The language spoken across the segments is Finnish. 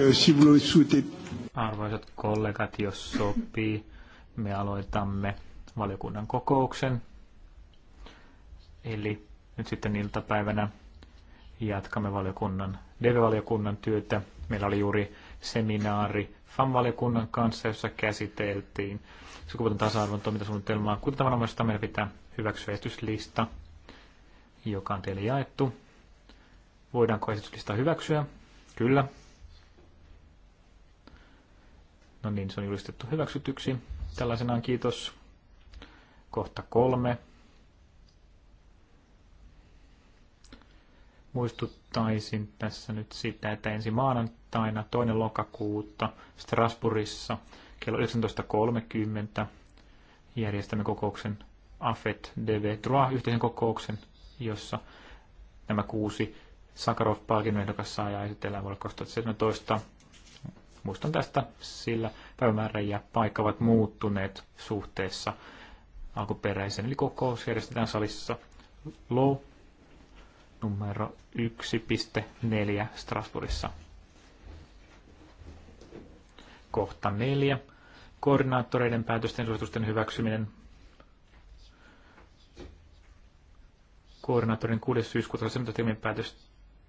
Euh, Arvoisat kollegat, jos sopii, me aloitamme valiokunnan kokouksen. Eli nyt sitten iltapäivänä jatkamme valiokunnan, DV-valiokunnan työtä. Meillä oli juuri seminaari FAM-valiokunnan kanssa, jossa käsiteltiin sukupuolten tasa-arvon toimintasuunnitelmaa. Kuten tavanomaisesta meidän pitää hyväksyä esityslista joka on teille jaettu. Voidaanko esityslista hyväksyä? Kyllä. No niin, se on julistettu hyväksytyksi. Tällaisenaan kiitos. Kohta kolme. Muistuttaisin tässä nyt sitä, että ensi maanantaina toinen lokakuuta Strasbourgissa kello 19.30 järjestämme kokouksen AFET DV Droit yhteisen kokouksen jossa nämä kuusi Sakarov-palkinnon saa ja esitellään vuonna 2017. Muistan tästä, sillä päivämäärä ja paikka ovat muuttuneet suhteessa alkuperäiseen. Eli kokous järjestetään salissa low numero 1.4 Strasbourgissa. Kohta 4. Koordinaattoreiden päätösten suositusten hyväksyminen koordinaattorin 6. syyskuuta toimin päätös,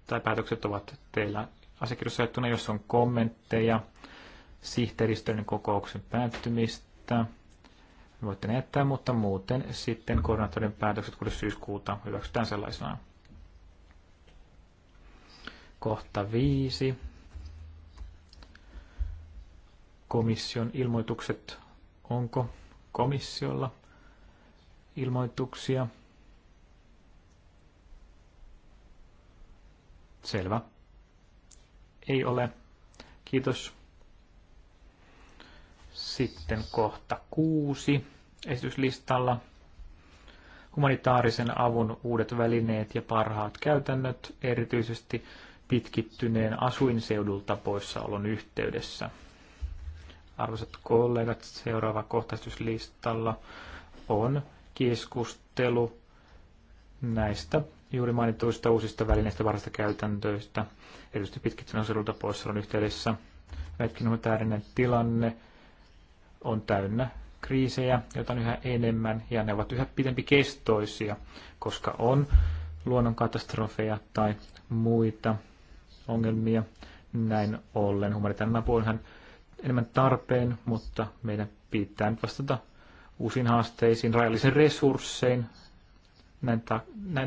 tai päätökset ovat teillä asiakirjassa jaettuna, jos on kommentteja sihteeristön kokouksen päättymistä. Voitte ne jättää, mutta muuten sitten koordinaattorin päätökset 6. syyskuuta hyväksytään sellaisenaan. Kohta 5. Komission ilmoitukset. Onko komissiolla ilmoituksia? Selvä. Ei ole. Kiitos. Sitten kohta kuusi esityslistalla. Humanitaarisen avun uudet välineet ja parhaat käytännöt, erityisesti pitkittyneen asuinseudulta poissaolon yhteydessä. Arvoisat kollegat, seuraava kohtaistuslistalla on keskustelu näistä juuri mainituista uusista välineistä varasta käytäntöistä, erityisesti pitkittyneen sedulta poissaolon yhteydessä. Hetkin tilanne on täynnä kriisejä, joita on yhä enemmän, ja ne ovat yhä pidempi kestoisia, koska on luonnonkatastrofeja tai muita ongelmia. Näin ollen humanitaarinen apu on ihan enemmän tarpeen, mutta meidän pitää nyt vastata uusiin haasteisiin, rajallisiin resurssein, näin ta-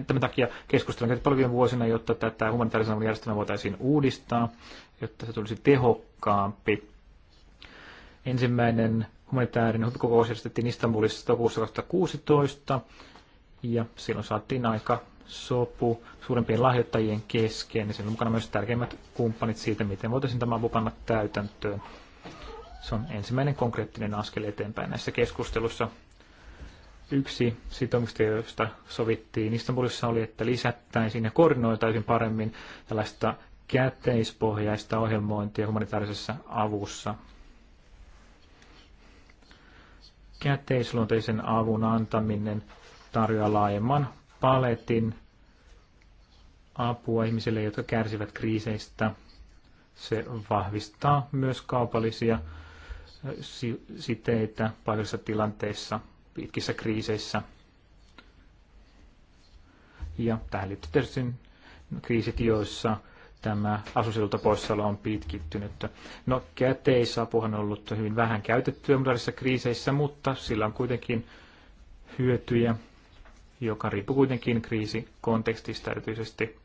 tämän takia keskustelemme paljon viime vuosina, jotta tätä humanitaarisen järjestelmää voitaisiin uudistaa, jotta se tulisi tehokkaampi. Ensimmäinen humanitaarinen huippukokous järjestettiin Istanbulissa toukokuussa 2016, ja silloin saatiin aika sopu suurempien lahjoittajien kesken, ja siinä mukana myös tärkeimmät kumppanit siitä, miten voitaisiin tämä apu panna täytäntöön. Se on ensimmäinen konkreettinen askel eteenpäin näissä keskusteluissa. Yksi sitoumuksista, joista sovittiin Istanbulissa, oli, että lisättäisiin ja koordinoitaisiin paremmin tällaista käteispohjaista ohjelmointia humanitaarisessa avussa. Käteisluonteisen avun antaminen tarjoaa laajemman paletin apua ihmisille, jotka kärsivät kriiseistä. Se vahvistaa myös kaupallisia siteitä paikallisissa tilanteissa pitkissä kriiseissä. Ja tähän liittyy tietysti kriisit, joissa tämä asusilta poissaolo on pitkittynyt. No käteisapuhan on ollut hyvin vähän käytettyä modernissa kriiseissä, mutta sillä on kuitenkin hyötyjä, joka riippuu kuitenkin kriisikontekstista erityisesti.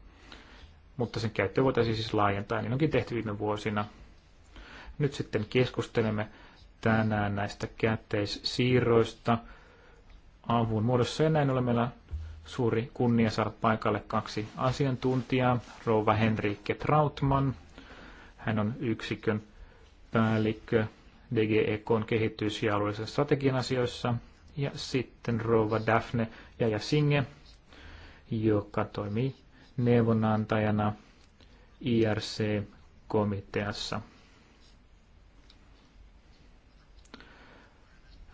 Mutta sen käyttö voitaisiin siis laajentaa, niin onkin tehty viime vuosina. Nyt sitten keskustelemme tänään näistä käteissiirroista avun muodossa. Ja näin ollen meillä suuri kunnia saada paikalle kaksi asiantuntijaa, rouva Henrikke Trautman. Hän on yksikön päällikkö DGEKon kehitys- ja alueellisissa strategian asioissa. Ja sitten rouva Daphne Jaja Singe, joka toimii neuvonantajana IRC-komiteassa.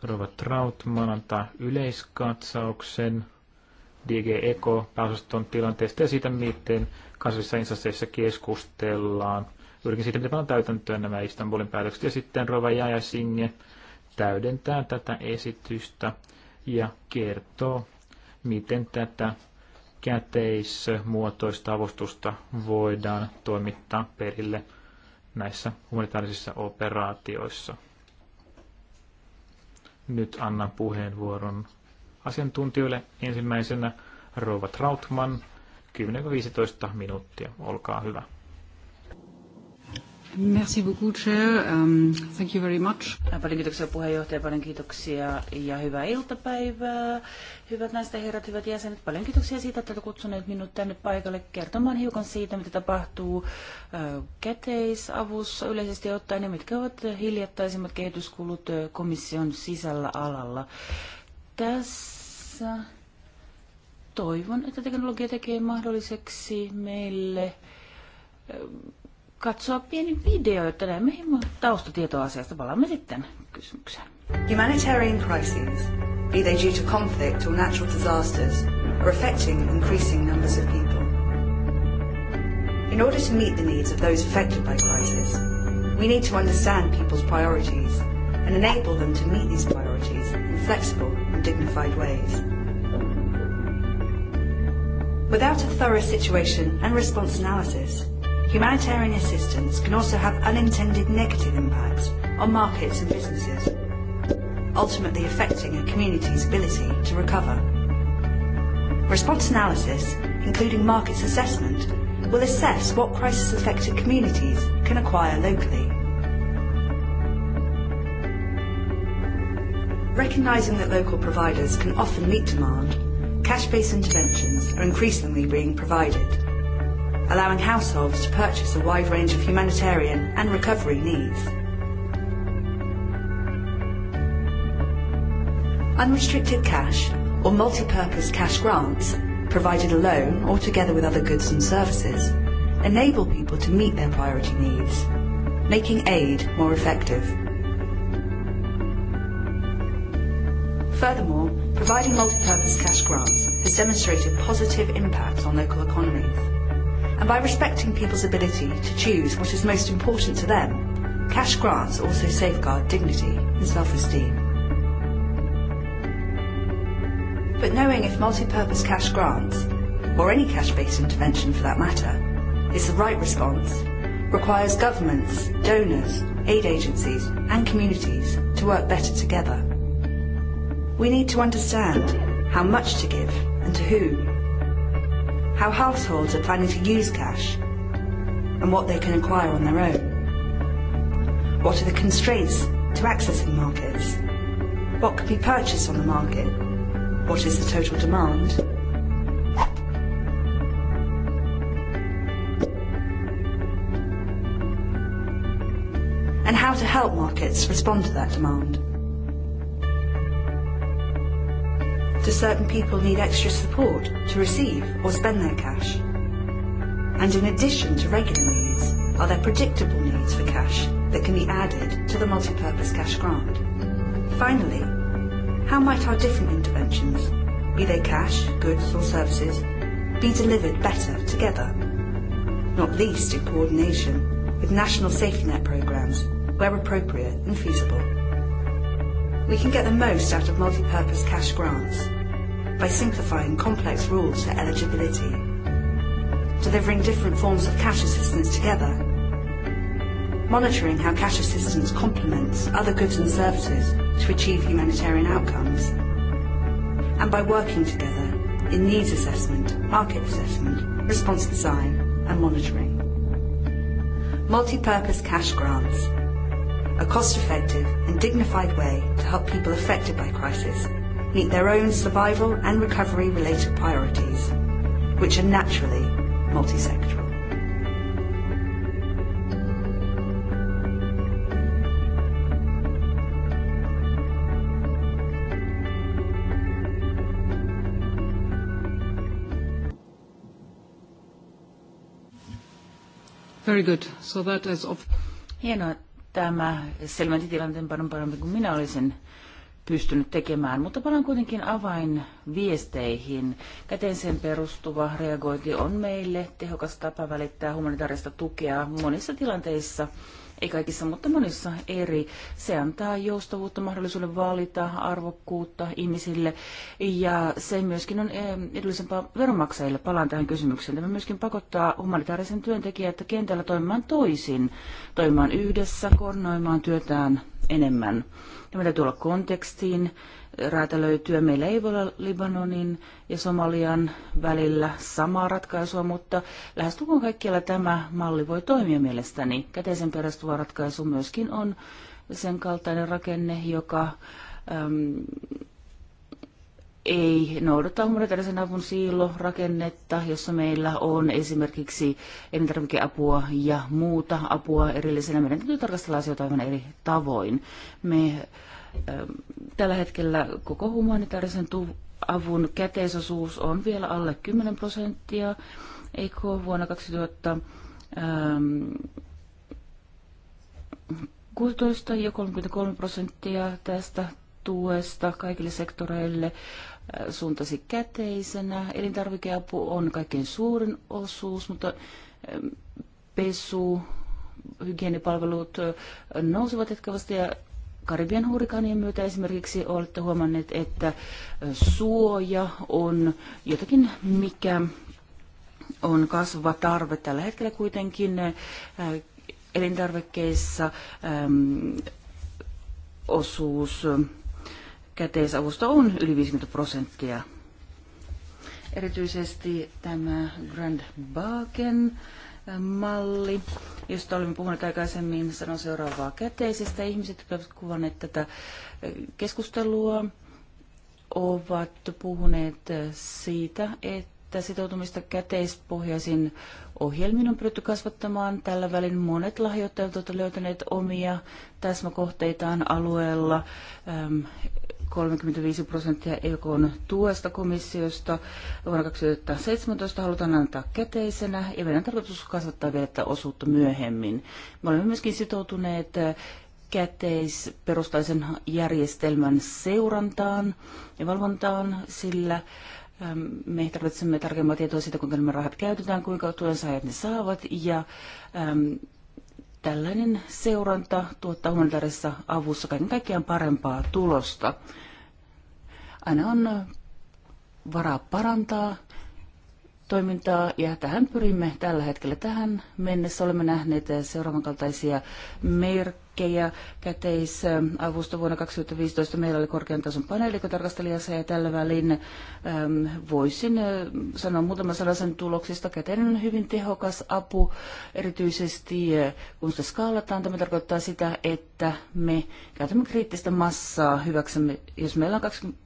Rova Trautman antaa yleiskatsauksen DG Eco pääosaston tilanteesta ja siitä, miten kansallisissa instansseissa keskustellaan. Yrkin siitä, miten on täytäntöön nämä Istanbulin päätökset. Ja sitten Rova Jaja Singe täydentää tätä esitystä ja kertoo, miten tätä käteismuotoista avustusta voidaan toimittaa perille näissä humanitaarisissa operaatioissa. Nyt annan puheenvuoron asiantuntijoille. Ensimmäisenä Rova Trautman, 10-15 minuuttia. Olkaa hyvä. Merci beaucoup, Chair. Um, thank you very much. Äh, paljon kiitoksia puheenjohtaja, paljon kiitoksia ja hyvää iltapäivää. Hyvät naiset ja herrat, hyvät jäsenet, paljon kiitoksia siitä, että olette kutsuneet minut tänne paikalle kertomaan hiukan siitä, mitä tapahtuu äh, käteisavussa yleisesti ottaen ja mitkä ovat hiljattaisimmat kehityskulut äh, komission sisällä alalla. Tässä toivon, että teknologia tekee mahdolliseksi meille katsoa pieni video, että näemme hieman taustatietoa asiasta. Palaamme sitten kysymykseen. Humanitarian crises, be they due to conflict or natural disasters, are affecting increasing numbers of people. In order to meet the needs of those affected by crisis, we need to understand people's priorities and enable them to meet these priorities in flexible and dignified ways. Without a thorough situation and response analysis, Humanitarian assistance can also have unintended negative impacts on markets and businesses, ultimately affecting a community's ability to recover. Response analysis, including markets assessment, will assess what crisis-affected communities can acquire locally. Recognising that local providers can often meet demand, cash-based interventions are increasingly being provided allowing households to purchase a wide range of humanitarian and recovery needs. Unrestricted cash or multi-purpose cash grants, provided alone or together with other goods and services, enable people to meet their priority needs, making aid more effective. Furthermore, providing multi-purpose cash grants has demonstrated positive impacts on local economies. And by respecting people's ability to choose what is most important to them, cash grants also safeguard dignity and self-esteem. But knowing if multi-purpose cash grants, or any cash-based intervention for that matter, is the right response requires governments, donors, aid agencies and communities to work better together. We need to understand how much to give and to whom how households are planning to use cash and what they can acquire on their own. What are the constraints to accessing markets? What can be purchased on the market? What is the total demand? And how to help markets respond to that demand. do certain people need extra support to receive or spend their cash? And in addition to regular needs, are there predictable needs for cash that can be added to the multi-purpose cash grant? Finally, how might our different interventions, be they cash, goods or services, be delivered better together? Not least in coordination with national safety net programmes where appropriate and feasible we can get the most out of multi-purpose cash grants by simplifying complex rules for eligibility, delivering different forms of cash assistance together, monitoring how cash assistance complements other goods and services to achieve humanitarian outcomes, and by working together in needs assessment, market assessment, response design and monitoring. Multi-purpose cash grants a cost-effective and dignified way to help people affected by crisis meet their own survival and recovery-related priorities, which are naturally multi-sectoral. Very good. So that is of- Hienoa tämä selvensi tilanteen paljon paremmin kuin minä olisin pystynyt tekemään, mutta palaan kuitenkin avainviesteihin. Käteiseen perustuva reagointi on meille tehokas tapa välittää humanitaarista tukea monissa tilanteissa – ei kaikissa, mutta monissa eri. Se antaa joustavuutta, mahdollisuuden valita arvokkuutta ihmisille ja se myöskin on eh, edullisempaa veronmaksajille. Palaan tähän kysymykseen. Tämä myöskin pakottaa humanitaarisen työntekijät kentällä toimimaan toisin, toimimaan yhdessä, koordinoimaan työtään enemmän. Tämä täytyy olla kontekstiin räätälöityä. Meillä ei voi olla Libanonin ja Somalian välillä samaa ratkaisua, mutta lähestulkoon kaikkialla tämä malli voi toimia mielestäni. Käteisen perustuva ratkaisu myöskin on sen kaltainen rakenne, joka äm, ei noudata humanitaarisen avun siilorakennetta, jossa meillä on esimerkiksi elintarvikeapua ja muuta apua erillisenä. Meidän täytyy tarkastella asioita aivan eri tavoin. Me Tällä hetkellä koko humanitaarisen avun käteisosuus on vielä alle 10 prosenttia. eikö vuonna 2016 ähm, jo 33 prosenttia tästä tuesta kaikille sektoreille äh, suuntasi käteisenä. Elintarvikeapu on kaikkein suurin osuus, mutta ähm, pesu, hygienipalvelut äh, nousivat jatkuvasti ja Karibian hurrikaanien myötä esimerkiksi olette huomanneet, että suoja on jotakin, mikä on kasvava tarve tällä hetkellä kuitenkin elintarvikkeissa osuus käteisavusta on yli 50 prosenttia. Erityisesti tämä Grand Baken malli, josta olemme puhuneet aikaisemmin, sanon seuraavaa käteisestä. Ihmiset, jotka ovat kuvanneet tätä keskustelua, ovat puhuneet siitä, että sitoutumista käteispohjaisin ohjelmiin on pyritty kasvattamaan. Tällä välin monet lahjoittajat ovat löytäneet omia täsmäkohteitaan alueella, 35 prosenttia EKn tuesta komissiosta. Vuonna 2017 halutaan antaa käteisenä ja meidän tarkoitus kasvattaa vielä tätä osuutta myöhemmin. Me olemme myöskin sitoutuneet käteisperustaisen järjestelmän seurantaan ja valvontaan, sillä ähm, me tarvitsemme tarkemmin tietoa siitä, kuinka nämä rahat käytetään, kuinka tuensaajat ne saavat ja äm, tällainen seuranta tuottaa humanitaarisessa avussa kaiken kaikkiaan parempaa tulosta. Aina on varaa parantaa toimintaa ja tähän pyrimme tällä hetkellä. Tähän mennessä olemme nähneet seuraavan kaltaisia merkkejä. Käteisavusta vuonna 2015 meillä oli korkean tason paneeli, joka tarkasteli asiaa ja tällä välin ähm, voisin äh, sanoa muutaman sen tuloksista. Käteinen on hyvin tehokas apu, erityisesti äh, kun sitä skaalataan. Tämä tarkoittaa sitä, että me käytämme kriittistä massaa hyväksemme. Jos meillä on 20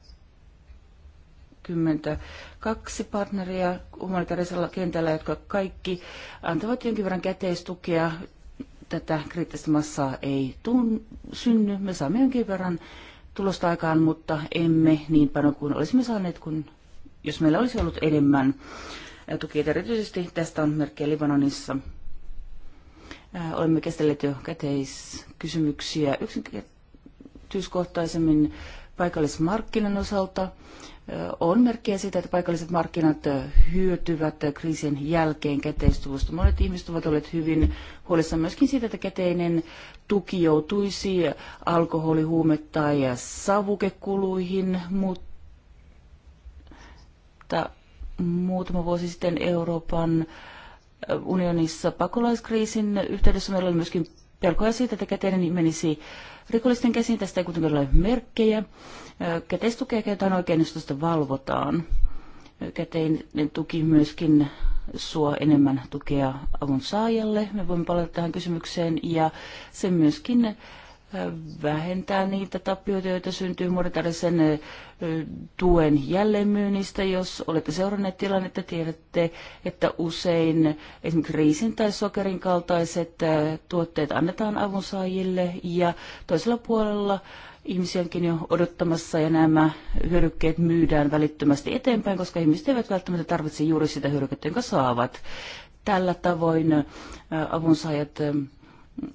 22 partneria humanitaarisella kentällä, jotka kaikki antavat jonkin verran käteistukea. Tätä kriittistä massaa ei tun, synny. Me saamme jonkin verran tulosta aikaan, mutta emme niin paljon kuin olisimme saaneet, kun jos meillä olisi ollut enemmän tukia. Erityisesti tästä on merkkejä Libanonissa. Äh, olemme käsitelleet jo käteiskysymyksiä yksinkertaisemmin paikallismarkkinan osalta on merkkejä siitä, että paikalliset markkinat hyötyvät kriisin jälkeen käteistulosta. Monet ihmiset ovat olleet hyvin huolissaan myöskin siitä, että käteinen tuki joutuisi alkoholi, huume tai savukekuluihin, mutta muutama vuosi sitten Euroopan unionissa pakolaiskriisin yhteydessä meillä oli myöskin pelkoja siitä, että käteinen menisi rikollisten käsiin. Tästä ei kuitenkaan ole merkkejä. Käteistukea käytetään oikein, jos sitä valvotaan. Käteinen tuki myöskin suo enemmän tukea avun saajalle. Me voimme palata tähän kysymykseen ja se myöskin vähentää niitä tappioita, joita syntyy monetarisen tuen jälleenmyynnistä. Jos olette seuranneet tilannetta, tiedätte, että usein esimerkiksi riisin tai sokerin kaltaiset tuotteet annetaan avunsaajille ja toisella puolella ihmisiä onkin jo odottamassa ja nämä hyödykkeet myydään välittömästi eteenpäin, koska ihmiset eivät välttämättä tarvitse juuri sitä hyödykettä, jonka saavat. Tällä tavoin avunsaajat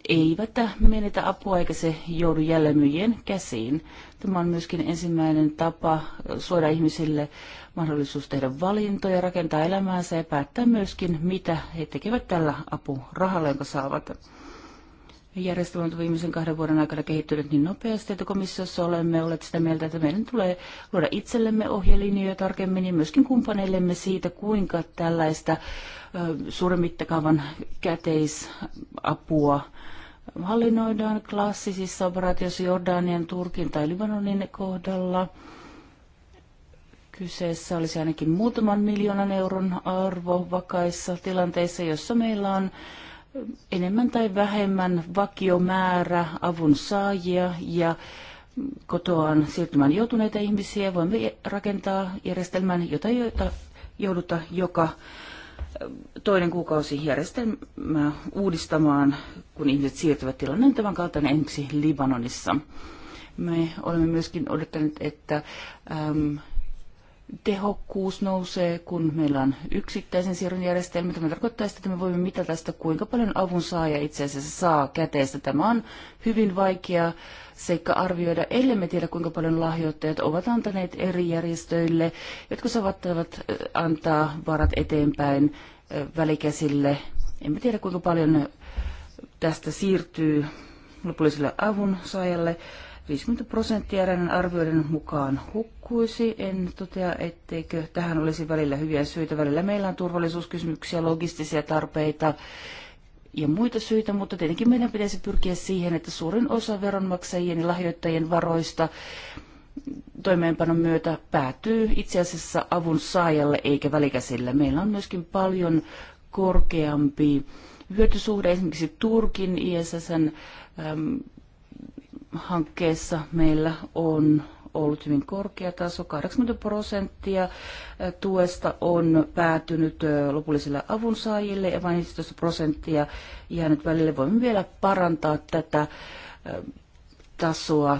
eivät menetä apua eikä se joudu jälleenmyyjien käsiin. Tämä on myöskin ensimmäinen tapa suoda ihmisille mahdollisuus tehdä valintoja, rakentaa elämäänsä ja päättää myöskin, mitä he tekevät tällä apurahalla, jonka saavat järjestelmä on viimeisen kahden vuoden aikana kehittynyt niin nopeasti, että komissiossa olemme olleet sitä mieltä, että meidän tulee luoda itsellemme ohjelinjoja tarkemmin ja myöskin kumppaneillemme siitä, kuinka tällaista suuren mittakaavan käteisapua hallinnoidaan klassisissa operaatioissa Jordanian, Turkin tai Libanonin kohdalla. Kyseessä olisi ainakin muutaman miljoonan euron arvo vakaissa tilanteissa, jossa meillä on enemmän tai vähemmän vakiomäärä avun saajia ja kotoaan siirtymään joutuneita ihmisiä. Voimme rakentaa järjestelmän, jota jouduta joka toinen kuukausi järjestelmää uudistamaan, kun ihmiset siirtyvät tilanneen tämän kaltainen esimerkiksi Libanonissa. Me olemme myöskin odottaneet, että tehokkuus nousee, kun meillä on yksittäisen siirron järjestelmä. Tämä tarkoittaa sitä, että me voimme mitata sitä, kuinka paljon avun saaja itse asiassa saa käteistä. Tämä on hyvin vaikea seikka arvioida, ellei me tiedä, kuinka paljon lahjoittajat ovat antaneet eri järjestöille, jotka saavat antaa varat eteenpäin välikäsille. Emme tiedä, kuinka paljon tästä siirtyy lopulliselle avun saajalle. 50 prosenttia eräiden arvioiden mukaan hukkuisi. En totea, etteikö tähän olisi välillä hyviä syitä. Välillä meillä on turvallisuuskysymyksiä, logistisia tarpeita ja muita syitä, mutta tietenkin meidän pitäisi pyrkiä siihen, että suurin osa veronmaksajien ja lahjoittajien varoista toimeenpanon myötä päätyy itse asiassa avun saajalle eikä välikäsillä. Meillä on myöskin paljon korkeampi hyötysuhde esimerkiksi Turkin ISSn hankkeessa meillä on ollut hyvin korkea taso. 80 prosenttia tuesta on päätynyt lopullisille avunsaajille ja vain 15 prosenttia jäänyt välille. Voimme vielä parantaa tätä tasoa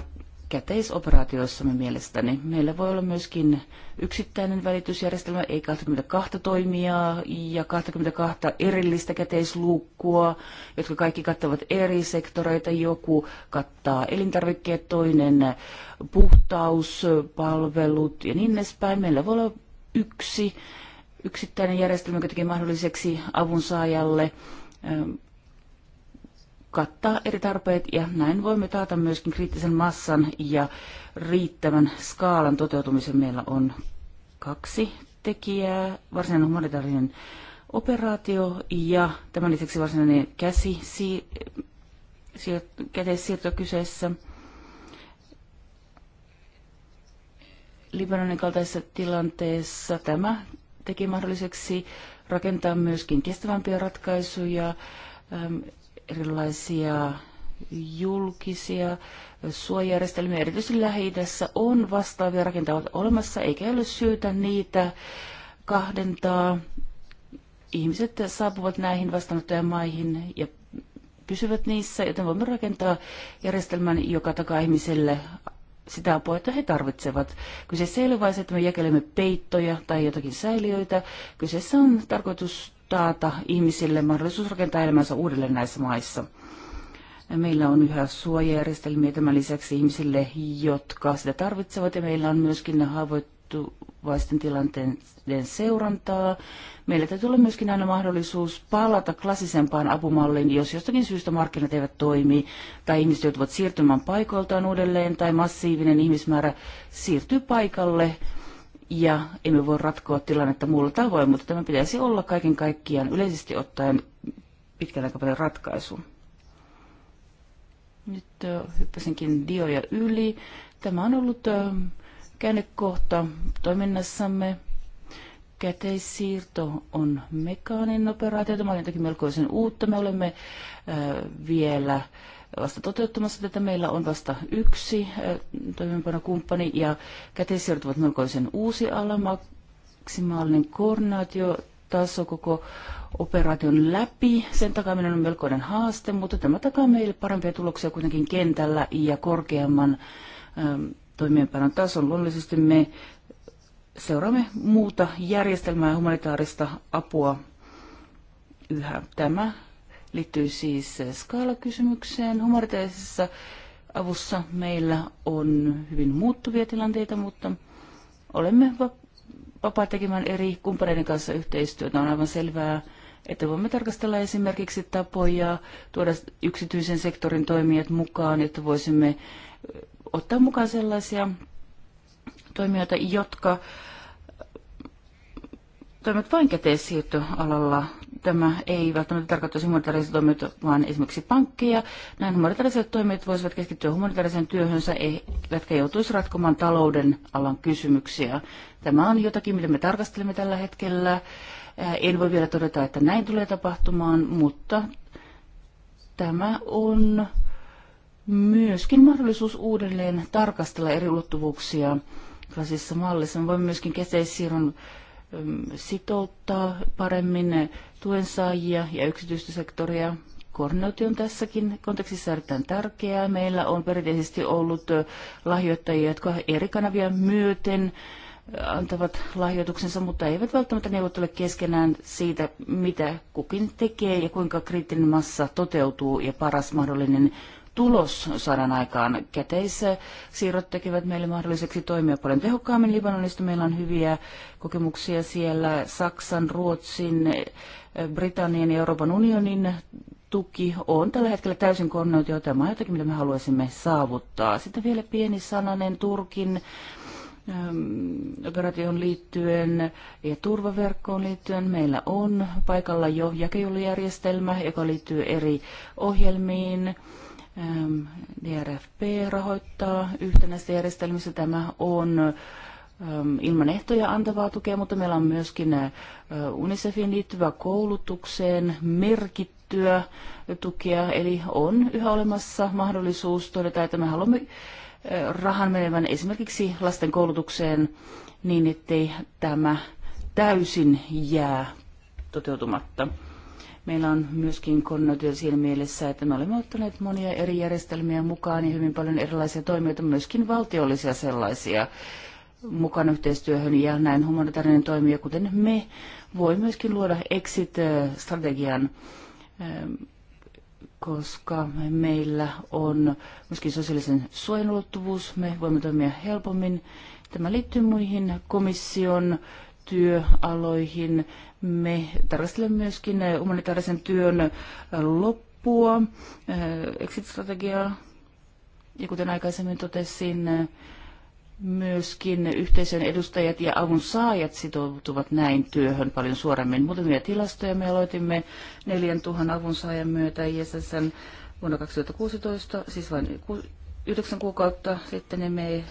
käteisoperaatioissamme mielestäni. Meillä voi olla myöskin yksittäinen välitysjärjestelmä, ei 22 toimijaa ja 22 erillistä käteisluukkua, jotka kaikki kattavat eri sektoreita. Joku kattaa elintarvikkeet, toinen puhtauspalvelut ja niin edespäin. Meillä voi olla yksi yksittäinen järjestelmä, joka tekee mahdolliseksi avunsaajalle kattaa eri tarpeet ja näin voimme taata myöskin kriittisen massan ja riittävän skaalan toteutumisen. Meillä on kaksi tekijää, varsinainen humanitaarinen operaatio ja tämän lisäksi varsinainen käsi, si, si, käteissiirto kyseessä. Libanonin kaltaisessa tilanteessa tämä teki mahdolliseksi rakentaa myöskin kestävämpiä ratkaisuja erilaisia julkisia suojajärjestelmiä, erityisesti lähi on vastaavia rakenteita olemassa, eikä ole syytä niitä kahdentaa. Ihmiset saapuvat näihin maihin ja pysyvät niissä, joten voimme rakentaa järjestelmän, joka takaa ihmiselle sitä apua, että he tarvitsevat. Kyseessä ei ole vain se, että me jakelemme peittoja tai jotakin säiliöitä. Kyseessä on tarkoitus taata ihmisille mahdollisuus rakentaa elämänsä uudelleen näissä maissa. Meillä on yhä suojajärjestelmiä tämän lisäksi ihmisille, jotka sitä tarvitsevat, ja meillä on myöskin haavoittuvaisten tilanteiden seurantaa. Meillä täytyy olla myöskin aina mahdollisuus palata klassisempaan apumalliin, jos jostakin syystä markkinat eivät toimi, tai ihmiset joutuvat siirtymään paikoiltaan uudelleen, tai massiivinen ihmismäärä siirtyy paikalle, ja emme voi ratkoa tilannetta muulla tavoin, mutta tämä pitäisi olla kaiken kaikkiaan yleisesti ottaen pitkän aikavälin ratkaisu. Nyt hyppäsinkin dioja yli. Tämä on ollut käännekohta toiminnassamme. Käteissiirto on mekaaninen operaatio. Tämä on jotenkin melkoisen uutta. Me olemme vielä vasta toteuttamassa tätä. Meillä on vasta yksi toimeenpanokumppani ja käteisjoulut ovat melkoisen uusi ala, maksimaalinen koordinaatio koko operaation läpi. Sen takaminen on melkoinen haaste, mutta tämä takaa meille parempia tuloksia kuitenkin kentällä ja korkeamman äm, toimeenpanon tason. Luonnollisesti me seuraamme muuta järjestelmää ja humanitaarista apua yhä. Tämä liittyy siis skaalakysymykseen. Humanitaarisessa avussa meillä on hyvin muuttuvia tilanteita, mutta olemme vapaa tekemään eri kumppaneiden kanssa yhteistyötä. On aivan selvää, että voimme tarkastella esimerkiksi tapoja tuoda yksityisen sektorin toimijat mukaan, että voisimme ottaa mukaan sellaisia toimijoita, jotka toimet vain käteissiirtoalalla. Tämä ei välttämättä tarkoittaisi humanitaarisia toimijoita, vaan esimerkiksi pankkeja. Näin humanitaariset toimijat voisivat keskittyä humanitaariseen työhönsä, eivätkä joutuisi ratkomaan talouden alan kysymyksiä. Tämä on jotakin, mitä me tarkastelemme tällä hetkellä. Äh, en voi vielä todeta, että näin tulee tapahtumaan, mutta tämä on myöskin mahdollisuus uudelleen tarkastella eri ulottuvuuksia klassisessa mallissa. Me voimme myöskin käteissiirron sitouttaa paremmin tuensaajia ja yksityistä sektoria. Koordinointi on tässäkin kontekstissa erittäin tärkeää. Meillä on perinteisesti ollut lahjoittajia, jotka eri kanavia myöten antavat lahjoituksensa, mutta eivät välttämättä neuvottele keskenään siitä, mitä kukin tekee ja kuinka kriittinen massa toteutuu ja paras mahdollinen tulos saadaan aikaan. siirrot tekevät meille mahdolliseksi toimia paljon tehokkaammin. Libanonista meillä on hyviä kokemuksia siellä. Saksan, Ruotsin, Britannian ja Euroopan unionin tuki on tällä hetkellä täysin koordinoitu, joten on jotakin, mitä me haluaisimme saavuttaa. Sitten vielä pieni sananen Turkin ähm, operaation liittyen ja turvaverkkoon liittyen. Meillä on paikalla jo jakelujärjestelmä, joka liittyy eri ohjelmiin. DRFP rahoittaa yhtenäistä järjestelmistä. Tämä on ilman ehtoja antavaa tukea, mutta meillä on myöskin UNICEFin liittyvä koulutukseen merkittyä tukea, eli on yhä olemassa mahdollisuus todeta, että me haluamme rahan menevän esimerkiksi lasten koulutukseen niin, ettei tämä täysin jää toteutumatta. Meillä on myöskin koordinaatio siinä mielessä, että me olemme ottaneet monia eri järjestelmiä mukaan ja hyvin paljon erilaisia toimijoita, myöskin valtiollisia sellaisia mukaan yhteistyöhön ja näin humanitaarinen toimija, kuten me, voi myöskin luoda exit-strategian, ähm, koska meillä on myöskin sosiaalisen suojelun ulottuvuus, me voimme toimia helpommin. Tämä liittyy muihin komission työaloihin. Me tarkastelemme myöskin eh, humanitaarisen työn eh, loppua, eh, exit-strategiaa, ja kuten aikaisemmin totesin, myöskin yhteisön edustajat ja avun saajat sitoutuvat näin työhön paljon suoremmin. Muutamia tilastoja me aloitimme 4000 avun saajan myötä ISSn vuonna 2016, siis vain yhdeksän kuukautta sitten, me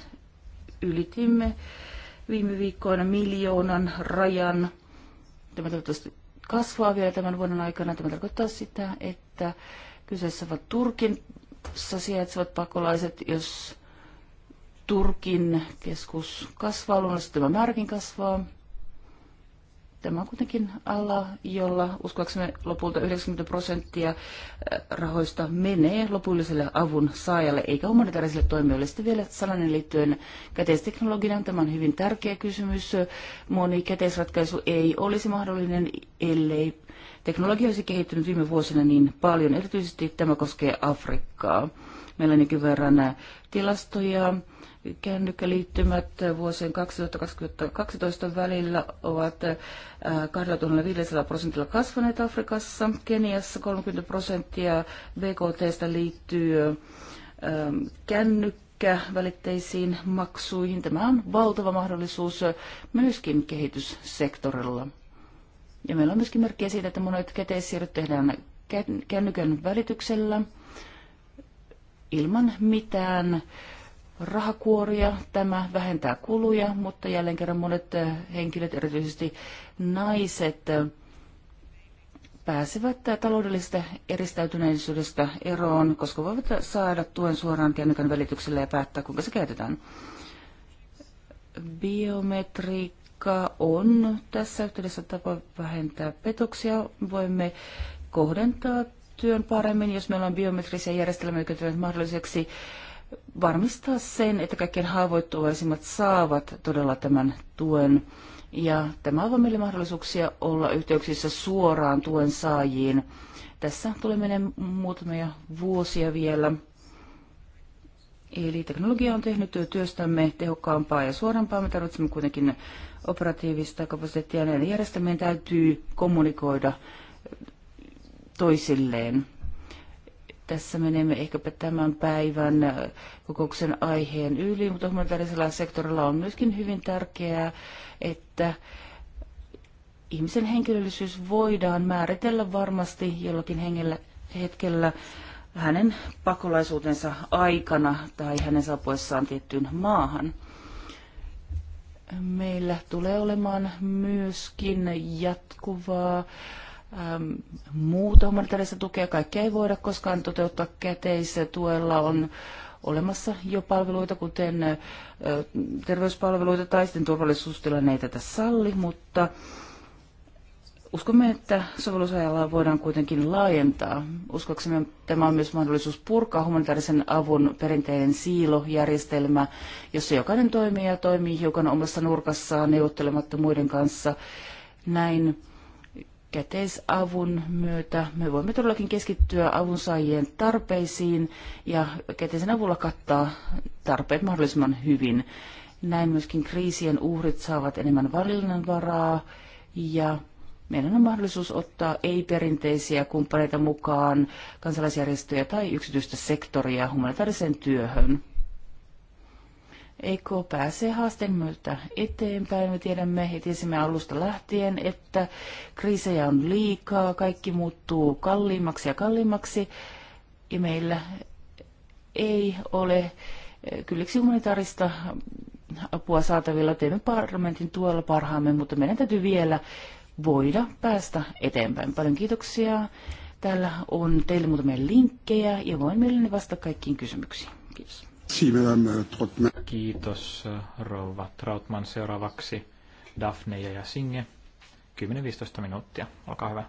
ylitimme viime viikkoina miljoonan rajan. Tämä toivottavasti kasvaa vielä tämän vuoden aikana. Tämä tarkoittaa sitä, että kyseessä ovat Turkin sijaitsevat pakolaiset, jos Turkin keskus kasvaa, luonnollisesti tämä määräkin kasvaa. Tämä on kuitenkin ala, jolla uskoaksemme lopulta 90 prosenttia rahoista menee lopulliselle avun saajalle eikä humanitaarisille toimijoille. Sitten vielä sananen liittyen käteisteknologian. Tämä on hyvin tärkeä kysymys. Moni käteisratkaisu ei olisi mahdollinen, ellei teknologia olisi kehittynyt viime vuosina niin paljon. Erityisesti tämä koskee Afrikkaa. Meillä on nykyverran tilastoja kännykkäliittymät vuosien 2012 välillä ovat 2500 äh, prosentilla kasvaneet Afrikassa. Keniassa 30 prosenttia BKTstä liittyy ähm, kännykkävälitteisiin maksuihin. Tämä on valtava mahdollisuus myöskin kehityssektorilla. Ja meillä on myöskin merkkiä siitä, että monet käteissiirryt tehdään kännykän välityksellä ilman mitään äh, rahakuoria. Tämä vähentää kuluja, mutta jälleen kerran monet eh, henkilöt, erityisesti naiset, eh, pääsevät eh, taloudellisesta eristäytyneisyydestä eroon, koska voivat saada tuen suoraan kännykän välityksellä ja päättää, kuinka se käytetään. Biometriikka on tässä yhteydessä tapa vähentää petoksia. Voimme kohdentaa työn paremmin, jos meillä on biometrisiä järjestelmiä, jotka tekevät mahdolliseksi varmistaa sen, että kaikkein haavoittuvaisimmat saavat todella tämän tuen. Ja tämä avaa meille mahdollisuuksia olla yhteyksissä suoraan tuen saajiin. Tässä tulee menemään muutamia vuosia vielä. Eli teknologia on tehnyt työstämme tehokkaampaa ja suorampaa. Me tarvitsemme kuitenkin operatiivista kapasiteettia. Näiden järjestelmien täytyy kommunikoida toisilleen. Tässä menemme ehkäpä tämän päivän äh, kokouksen aiheen yli, mutta humanitaarisella sektorilla on myöskin hyvin tärkeää, että ihmisen henkilöllisyys voidaan määritellä varmasti jollakin hengellä, hetkellä hänen pakolaisuutensa aikana tai hänen saapuessaan tiettyyn maahan. Meillä tulee olemaan myöskin jatkuvaa äh, Ähm, muuta humanitaarista tukea. Kaikkea ei voida koskaan toteuttaa tuella. On olemassa jo palveluita, kuten äh, terveyspalveluita tai sitten turvallisuustilanne ei tätä salli, mutta Uskomme, että sovellusajalla voidaan kuitenkin laajentaa. Uskoksemme tämä on myös mahdollisuus purkaa humanitaarisen avun perinteinen siilojärjestelmä, jossa jokainen toimija toimii hiukan omassa nurkassaan muiden kanssa. Näin käteisavun myötä me voimme todellakin keskittyä avunsaajien tarpeisiin ja käteisen avulla kattaa tarpeet mahdollisimman hyvin. Näin myöskin kriisien uhrit saavat enemmän valinnanvaraa ja meidän on mahdollisuus ottaa ei-perinteisiä kumppaneita mukaan, kansalaisjärjestöjä tai yksityistä sektoria humanitaariseen työhön. EK pääsee haasteen myötä eteenpäin. Me tiedämme heti tiesimme alusta lähtien, että kriisejä on liikaa, kaikki muuttuu kalliimmaksi ja kalliimmaksi ja meillä ei ole eh, kylliksi humanitaarista apua saatavilla. Teemme parlamentin tuolla parhaamme, mutta meidän täytyy vielä voida päästä eteenpäin. Paljon kiitoksia. Täällä on teille muutamia linkkejä ja voin mielelläni vastata kaikkiin kysymyksiin. Kiitos. Kiitos rouva Trautman. Seuraavaksi Daphne ja Singe. 10-15 minuuttia. Olkaa hyvä.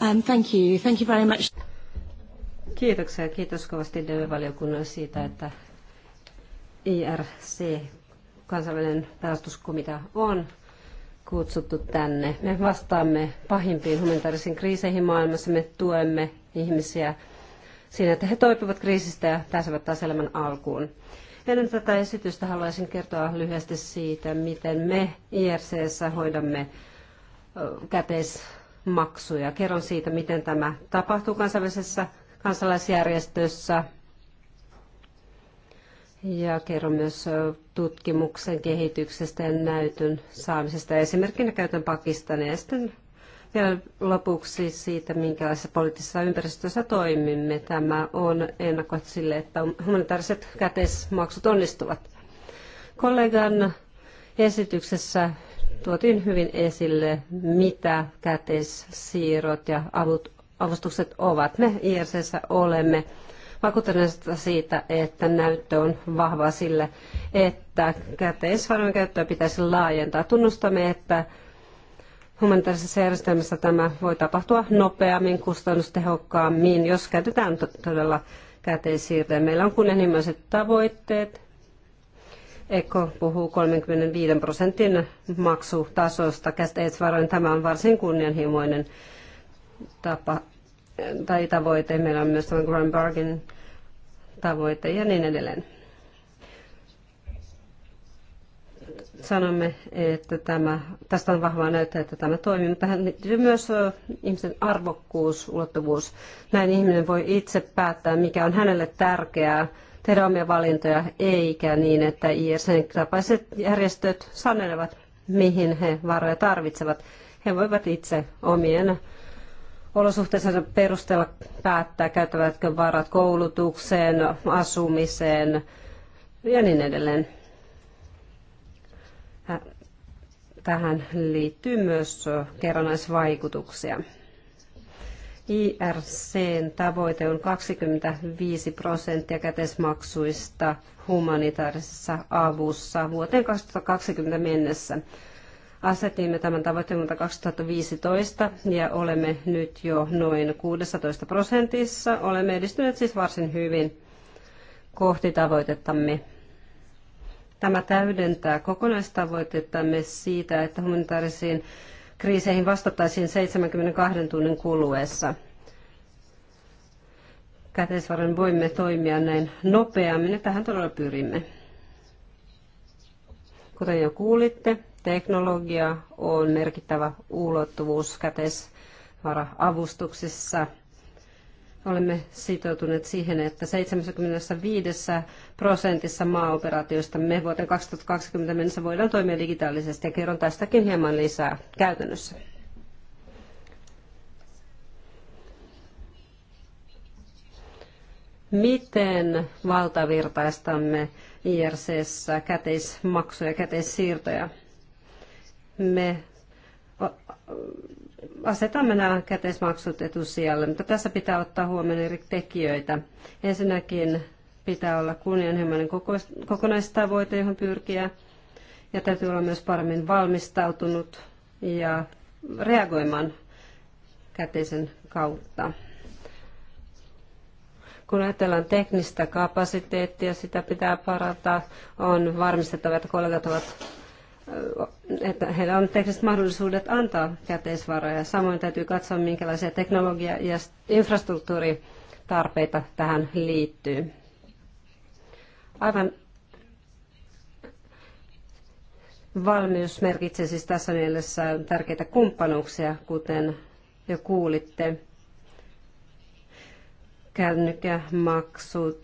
Um, thank you. Thank you very much. Kiitoksia. Kiitos kovasti deve siitä, että IRC, kansainvälinen pelastuskomitea, on kutsuttu tänne. Me vastaamme pahimpiin humanitaarisiin kriiseihin maailmassa. Me tuemme ihmisiä siinä, että he toipuvat kriisistä ja pääsevät taas elämän alkuun. Ennen tätä esitystä haluaisin kertoa lyhyesti siitä, miten me irc hoidamme käteismaksuja. Kerron siitä, miten tämä tapahtuu kansainvälisessä kansalaisjärjestössä ja kerron myös tutkimuksen kehityksestä ja näytön saamisesta. Esimerkkinä käytän Pakistania ja sitten vielä lopuksi siitä, minkälaisessa poliittisessa ympäristössä toimimme. Tämä on ennakko sille, että humanitaariset käteismaksut onnistuvat. Kollegan esityksessä tuotiin hyvin esille, mitä käteissiirrot ja avustukset ovat. Me IRCssä olemme vakuuttuneita siitä, että näyttö on vahva sille, että käteisvarojen käyttöä pitäisi laajentaa. Tunnustamme, että humanitaarisessa järjestelmässä tämä voi tapahtua nopeammin, kustannustehokkaammin, jos käytetään todella käteissiirtoja. Meillä on kunnianhimoiset tavoitteet. Eko puhuu 35 prosentin maksutasosta käteisvaroin. Tämä on varsin kunnianhimoinen tapa tai tavoite. Meillä on myös tämä Grand Bargain tavoite ja niin edelleen. Sanomme, että tämä, tästä on vahvaa näyttää, että tämä toimii, mutta tähän liittyy myös ihmisen arvokkuus, ulottuvuus. Näin ihminen voi itse päättää, mikä on hänelle tärkeää, tehdä omia valintoja, eikä niin, että ISN-tapaiset järjestöt sanelevat, mihin he varoja tarvitsevat. He voivat itse omien olosuhteensa perusteella päättää, käyttävätkö varat koulutukseen, asumiseen ja niin edelleen. Tähän liittyy myös kerrannaisvaikutuksia. IRCn tavoite on 25 prosenttia käteismaksuista humanitaarisessa avussa vuoteen 2020 mennessä. Asetimme tämän tavoitteen vuonna 2015 ja olemme nyt jo noin 16 prosentissa. Olemme edistyneet siis varsin hyvin kohti tavoitettamme. Tämä täydentää kokonaistavoitettamme siitä, että humanitaarisiin kriiseihin vastattaisiin 72 tunnin kuluessa. Käteisvaroin voimme toimia näin nopeammin ja tähän todella pyrimme. Kuten jo kuulitte, Teknologia on merkittävä ulottuvuus käteisvara-avustuksissa. Olemme sitoutuneet siihen, että 75 prosentissa maaoperaatioista me vuoteen 2020 mennessä voidaan toimia digitaalisesti ja kerron tästäkin hieman lisää käytännössä. miten valtavirtaistamme IRCssä käteismaksuja, käteissiirtoja me asetamme nämä käteismaksut etusijalle, mutta tässä pitää ottaa huomioon eri tekijöitä. Ensinnäkin pitää olla kunnianhimoinen kokonaistavoite, johon pyrkiä, ja täytyy olla myös paremmin valmistautunut ja reagoimaan käteisen kautta. Kun ajatellaan teknistä kapasiteettia, sitä pitää parantaa. On varmistettava, että kollegat ovat että heillä on tekniset mahdollisuudet antaa käteisvaroja. Samoin täytyy katsoa, minkälaisia teknologia- ja infrastruktuuritarpeita tähän liittyy. Aivan valmius merkitsee siis tässä mielessä tärkeitä kumppanuuksia, kuten jo kuulitte. Kännykkämaksut,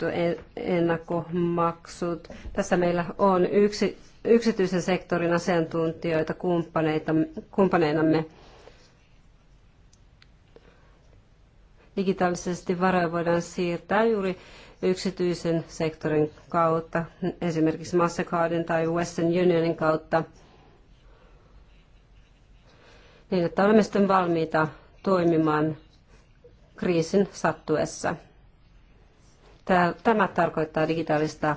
ennakkomaksut. Tässä meillä on yksi yksityisen sektorin asiantuntijoita kumppaneita, kumppaneinamme. Digitaalisesti varoja voidaan siirtää juuri yksityisen sektorin kautta, esimerkiksi Mastercardin tai Western Unionin kautta, niin että olemme sitten valmiita toimimaan kriisin sattuessa. Tämä tarkoittaa digitaalista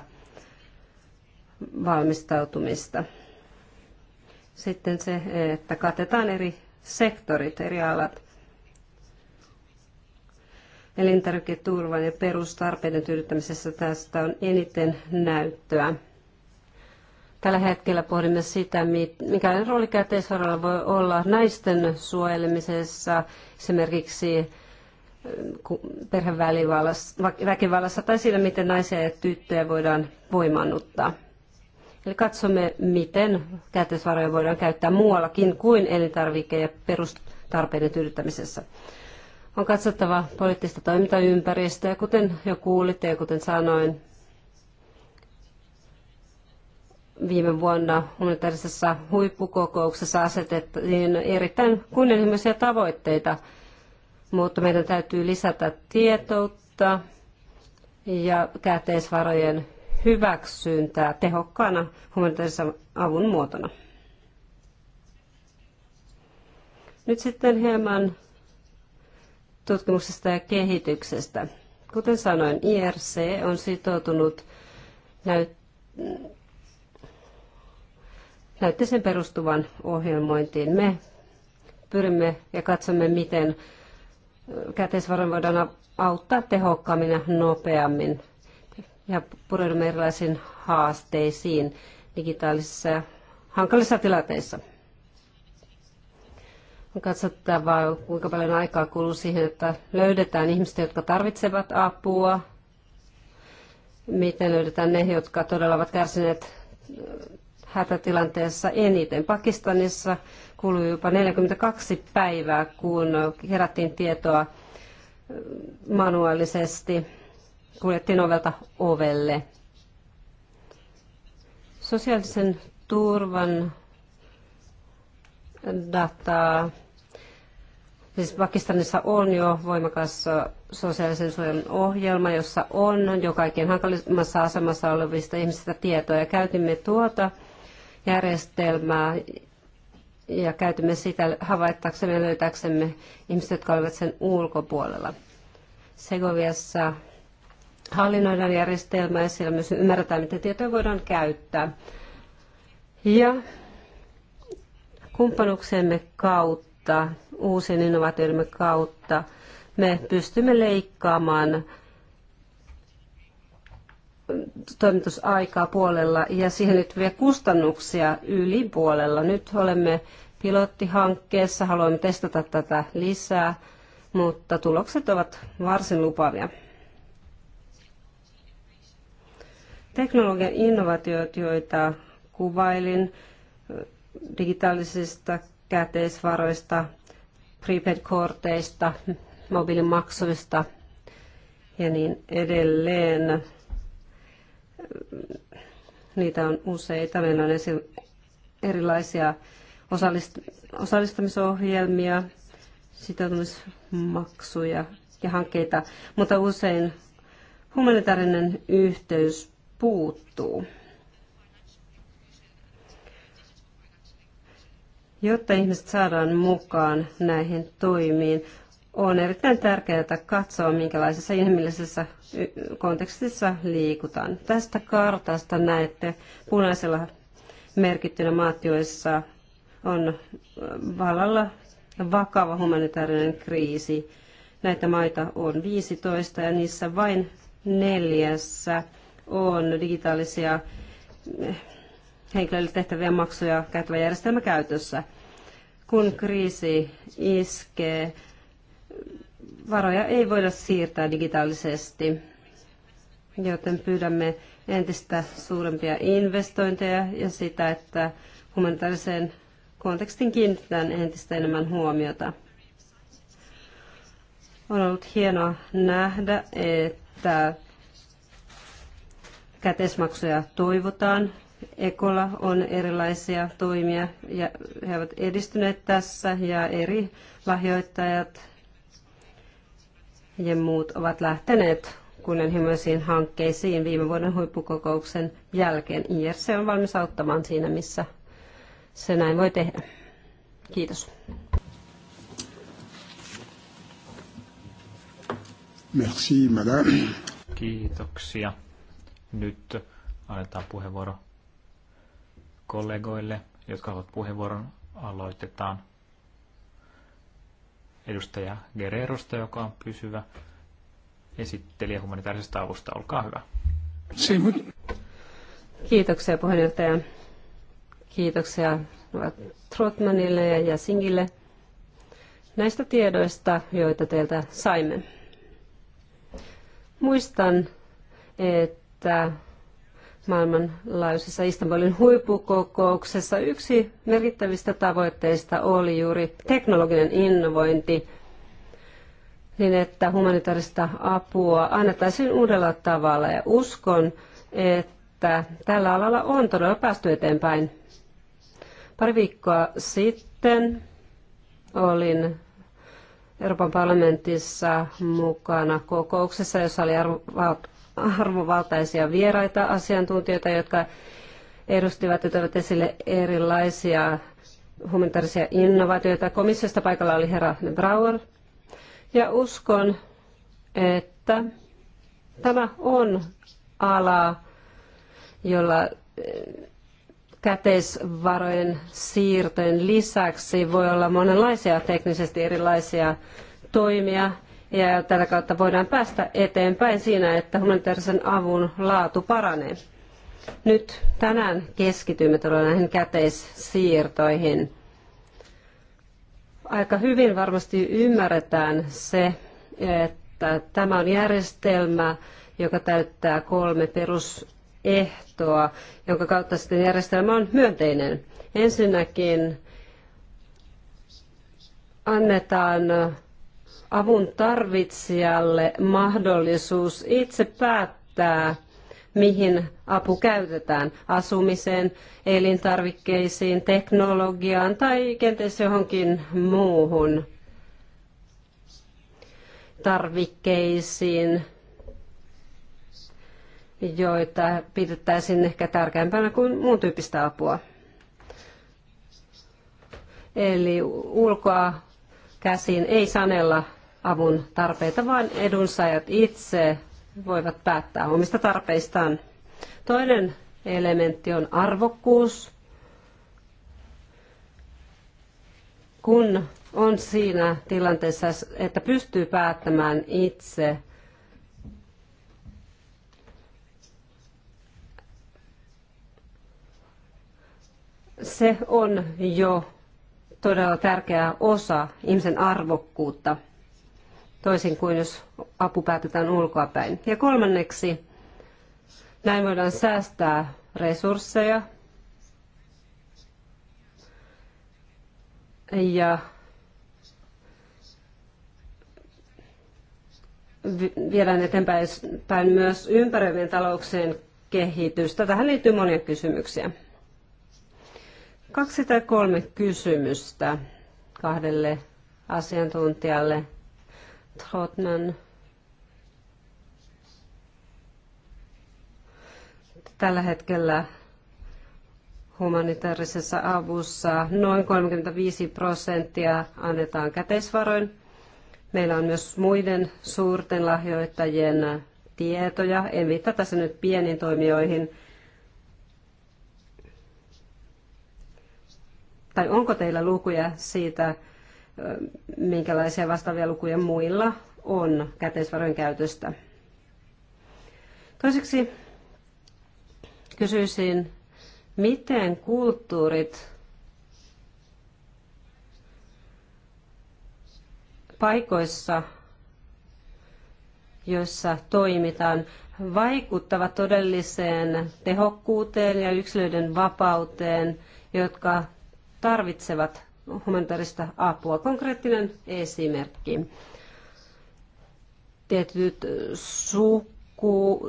valmistautumista. Sitten se, että katetaan eri sektorit, eri alat. Elintarviketurvan ja perustarpeiden tyydyttämisessä tästä on eniten näyttöä. Tällä hetkellä pohdimme sitä, mikä rooli käteisvaralla voi olla naisten suojelemisessa, esimerkiksi eh, perheväkivallassa tai siinä, miten naisia ja tyttöjä voidaan voimannuttaa. Eli katsomme, miten käytösvaroja voidaan käyttää muuallakin kuin elintarvike- ja perustarpeiden tyydyttämisessä. On katsottava poliittista toimintaympäristöä, kuten jo kuulitte ja kuten sanoin, viime vuonna humanitaarisessa huippukokouksessa asetettiin erittäin kunnianhimoisia tavoitteita, mutta meidän täytyy lisätä tietoutta ja käteisvarojen hyväksyntää tehokkaana humanitaarisen avun muotona. Nyt sitten hieman tutkimuksesta ja kehityksestä. Kuten sanoin, IRC on sitoutunut näyt- näytteeseen perustuvan ohjelmointiin. Me pyrimme ja katsomme, miten käteisvaroin voidaan auttaa tehokkaammin ja nopeammin ja pureudumme erilaisiin haasteisiin digitaalisissa ja hankalissa tilanteissa. Katsotaan katsottava, kuinka paljon aikaa kuluu siihen, että löydetään ihmistä, jotka tarvitsevat apua, miten löydetään ne, jotka todella ovat kärsineet äh, hätätilanteessa eniten. Pakistanissa kului jopa 42 päivää, kun kerättiin tietoa äh, manuaalisesti kuljettiin ovelta ovelle. Sosiaalisen turvan dataa. Siis Pakistanissa on jo voimakas sosiaalisen suojelun ohjelma, jossa on jo kaikkien hankalimmassa asemassa olevista ihmisistä tietoa. Ja käytimme tuota järjestelmää ja käytimme sitä havaittaksemme ja löytäksemme ihmiset, jotka olivat sen ulkopuolella. Segoviassa hallinnoidaan järjestelmää ja siellä myös ymmärretään, miten tietoja voidaan käyttää. Ja kumppanuksemme kautta, uusien innovaatioidemme kautta, me pystymme leikkaamaan toimitusaikaa puolella ja siihen nyt vielä kustannuksia yli puolella. Nyt olemme pilottihankkeessa, haluamme testata tätä lisää, mutta tulokset ovat varsin lupavia. Teknologian innovaatiot, joita kuvailin digitaalisista käteisvaroista, prepaid-korteista, mobiilimaksuista ja niin edelleen. Niitä on useita. Meillä on erilaisia osallistamisohjelmia, sitoutumismaksuja ja hankkeita, mutta usein humanitaarinen yhteys puuttuu. Jotta ihmiset saadaan mukaan näihin toimiin, on erittäin tärkeää katsoa, minkälaisessa inhimillisessä kontekstissa liikutaan. Tästä kartasta näette punaisella merkittynä maat, joissa on vallalla vakava humanitaarinen kriisi. Näitä maita on 15 ja niissä vain neljässä on digitaalisia eh, henkilöille tehtäviä maksuja käyttävä järjestelmä käytössä. Kun kriisi iskee, varoja ei voida siirtää digitaalisesti, joten pyydämme entistä suurempia investointeja ja sitä, että humanitaariseen kontekstin kiinnitetään entistä enemmän huomiota. On ollut hienoa nähdä, että Käteismaksuja toivotaan. Ekolla on erilaisia toimia ja he ovat edistyneet tässä ja eri lahjoittajat ja muut ovat lähteneet kunnianhimoisiin hankkeisiin viime vuoden huippukokouksen jälkeen. IRC on valmis auttamaan siinä, missä se näin voi tehdä. Kiitos. Merci, madame. Kiitoksia. Nyt annetaan puheenvuoro kollegoille, jotka haluavat puheenvuoron. Aloitetaan edustaja Guerrerosta, joka on pysyvä esittelijä humanitaarisesta avusta. Olkaa hyvä. Kiitoksia puheenjohtaja. Kiitoksia Trotmanille ja Jasingille näistä tiedoista, joita teiltä saimme. Muistan, että että maailmanlaajuisessa Istanbulin huippukokouksessa yksi merkittävistä tavoitteista oli juuri teknologinen innovointi, niin että humanitaarista apua annettaisiin uudella tavalla. Ja uskon, että tällä alalla on todella päästy eteenpäin. Pari viikkoa sitten olin Euroopan parlamentissa mukana kokouksessa, jossa oli arvovaltaisia vieraita asiantuntijoita, jotka edustivat ja toivat esille erilaisia humanitaarisia innovaatioita. Komissiosta paikalla oli herra Brauer. Ja uskon, että tämä on ala, jolla eh, käteisvarojen siirtojen lisäksi voi olla monenlaisia teknisesti erilaisia toimia, ja tätä kautta voidaan päästä eteenpäin siinä, että humanitaarisen avun laatu paranee. Nyt tänään keskitymme todella näihin käteissiirtoihin. Aika hyvin varmasti ymmärretään se, että tämä on järjestelmä, joka täyttää kolme perusehtoa, jonka kautta sitten järjestelmä on myönteinen. Ensinnäkin annetaan avun tarvitsijalle mahdollisuus itse päättää, mihin apu käytetään, asumiseen, elintarvikkeisiin, teknologiaan tai kenties johonkin muuhun tarvikkeisiin, joita pidettäisiin ehkä tärkeämpänä kuin muun tyyppistä apua. Eli ulkoa käsiin. Ei sanella avun tarpeita, vaan edunsaajat itse voivat päättää omista tarpeistaan. Toinen elementti on arvokkuus. Kun on siinä tilanteessa, että pystyy päättämään itse, se on jo todella tärkeä osa ihmisen arvokkuutta, toisin kuin jos apu päätetään ulkoapäin. Ja kolmanneksi, näin voidaan säästää resursseja ja viedään eteenpäin myös ympäröivien talouksien kehitystä. Tähän liittyy monia kysymyksiä. Kaksi tai kolme kysymystä kahdelle asiantuntijalle. Trotman. Tällä hetkellä humanitaarisessa avussa noin 35 prosenttia annetaan käteisvaroin. Meillä on myös muiden suurten lahjoittajien tietoja. En viittaa tässä nyt pieniin toimijoihin, tai onko teillä lukuja siitä, minkälaisia vastaavia lukuja muilla on käteisvarojen käytöstä? Toiseksi kysyisin, miten kulttuurit paikoissa, joissa toimitaan, vaikuttavat todelliseen tehokkuuteen ja yksilöiden vapauteen, jotka tarvitsevat humanitaarista apua. Konkreettinen esimerkki. Tietyt suku,